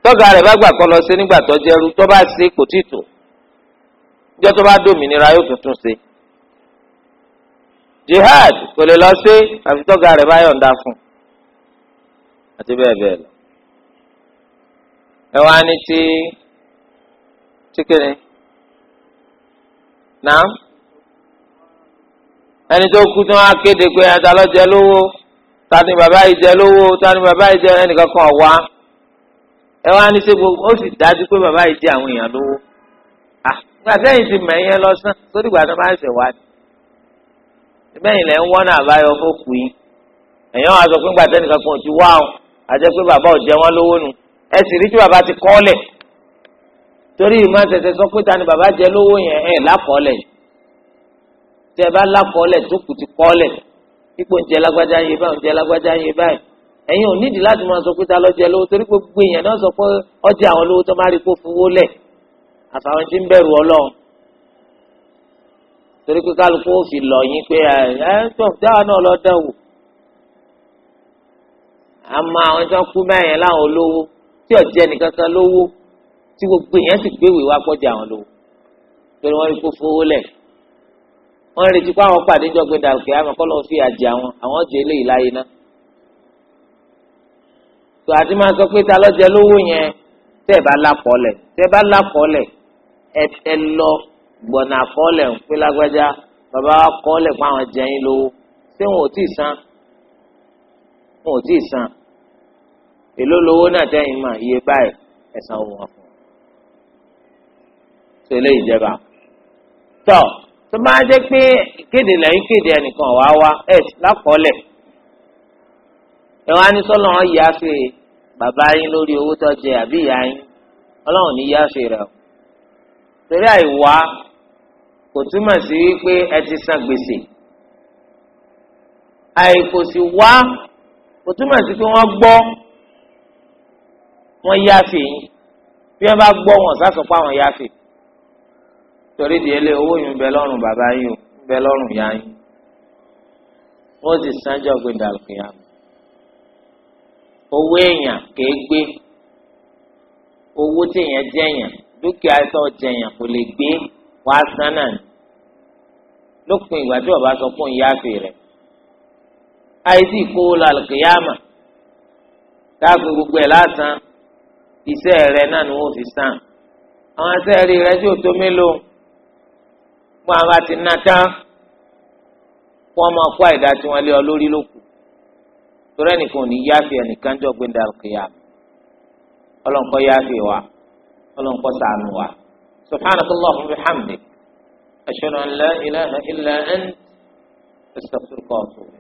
rẹ̀ bá gbà kọ́ lọ sí nígbà tó jẹ́rú tó bá ṣe kò tí tuntun ṣe jihad kò lè lọ sí àfi tọ́gà rẹ̀ bá yọ̀ǹda fún àti bẹ́ẹ̀ bẹ́ẹ̀ lọ ẹ wá ní tí tí ẹni tó kú tí wọ́n á kéde pé ata lọ jẹ lówó ta ni bàbá yìí jẹ lówó ta ni bàbá yìí jẹ ẹnìkan kan wá ẹ wá ní sẹ́gbó ó sì dájú pé bàbá yìí jẹ àwọn èèyàn lówó gbàtẹ́yìn ti mẹ̀yìn ẹ lọ́sàn sórí ìgbà tó máa ń ṣẹ̀ wá ní. ìbẹ́yìn lẹ́ ń wọ́nà àbáyọ fókù yìí ẹ̀yàn wá sọ pé gbàtẹ́ nìkan kan ti wá ọ̀ àjẹ́ pé bàbá ò jẹ wọ́n lówó nu ẹ sì rí tí bàbá ti kọ́lẹ̀ torí ìmọ̀ tẹ̀tẹ̀ sọ pé ta ni jẹ lówó yẹn ẹ̀ lákọ́lẹ̀ tẹ bá lákọọlẹ tó kù ti kọọlẹ ipò ń jẹ lágbájá yé báyìí ń jẹ lágbájá yé báyìí ẹ̀yin ò nídìí láti máa sọ pé ta ló jẹ lówó torí gbogbo èèyàn náà sọ pé ọjà àwọn lówó tó máa rí kó fowó lẹ̀ àfàwọn tí ń bẹ̀rù Ọlọ́run torí pé kálukú ò fi lọ yín pé ẹ ẹ tó dáhà náà lọ dán wò àmọ́ àwọn tí wọ́n kú mẹ́rin láwọn olówó tí ọ̀jẹ̀ nìkan kan lówó tí gbogbo èèyàn sì gbéwèé wá pọ̀jà àwọn lówó torí wọ́n rí kó fowó lẹ̀ wọ́n ń retí pé àwọn pàdé jọgbe dàlùkẹ́ àmọ́ kọ́ lọ́ọ́ fi àjẹ àwọn àwọn jẹ eléyìí láyé ná. tó àti máa sọ pé ta lọ́jẹ lówó yẹn tẹ́ ẹ bá lápọ̀ọ́lẹ̀ tẹ́ ẹ bá lápọ̀ọ́lẹ̀ ẹ ẹ lọ gbọ̀nà àkọọ́lẹ̀ ń pé lágbájá bàbá wa kọ́ọ́lẹ̀ pé àwọn jẹ lówó ṣé wọn ò tí ì san wọn ò tí ì san èló lówó náà tẹ́yìn mà iye báyìí ẹ̀sán wọn fún tó eléyìí jẹba tọ́. So, tó bá jẹ́ pé kéde lẹ́yìn kéde ẹnìkan wá wá ẹ̀ lápọ̀ọ́lẹ̀ ẹ wá ní sọ́lọ́ wọn yá fè bàbá yín lórí owó tó jẹ àbí ìyá yín ọlọ́run ní yá fè rẹ̀ o torí àìwá kò túmọ̀ sí wípé ẹ ti san gbèsè àìkò sì wá kò túmọ̀ sí pé wọ́n gbọ́ wọ́n yá fè yín bí wọ́n bá gbọ́ wọn sásọ pé yá fè yín torí di ẹlẹ owó yìí ń bẹ lọ́rùn bàbá yìí ń bẹ lọ́rùn ìyá yìí wọ́n ti sanjọ́ gbẹdà lùkìyà owó èèyàn kèé gbé owó téèyàn jẹyàn dúkìá tó jẹyàn kò lè gbé wàá san náà lópin ìgbà tí ọba sọ fún ìyá àfẹ rẹ àìsí ìkówó làlùkìyàmà dáàbò gbogbo ẹ̀ lásán iṣẹ́ rẹ náà ni wọ́n fi san àwọn iṣẹ́ rí rẹ tí ò tó mélòó fún àwọn àti nà tán fún ọmọ fún àìdá tí wọn lé ọ lórí lókù torí ẹnìkan ò ní yáfi ẹnìkan jọ gbé dàrúkìyà ọlọ́nkọ yáfi wa ọlọ́nkọ sànù wa subhanaka allahumma wa bihamdik ashhadu an la ilaha illa ant astaghfiruka wa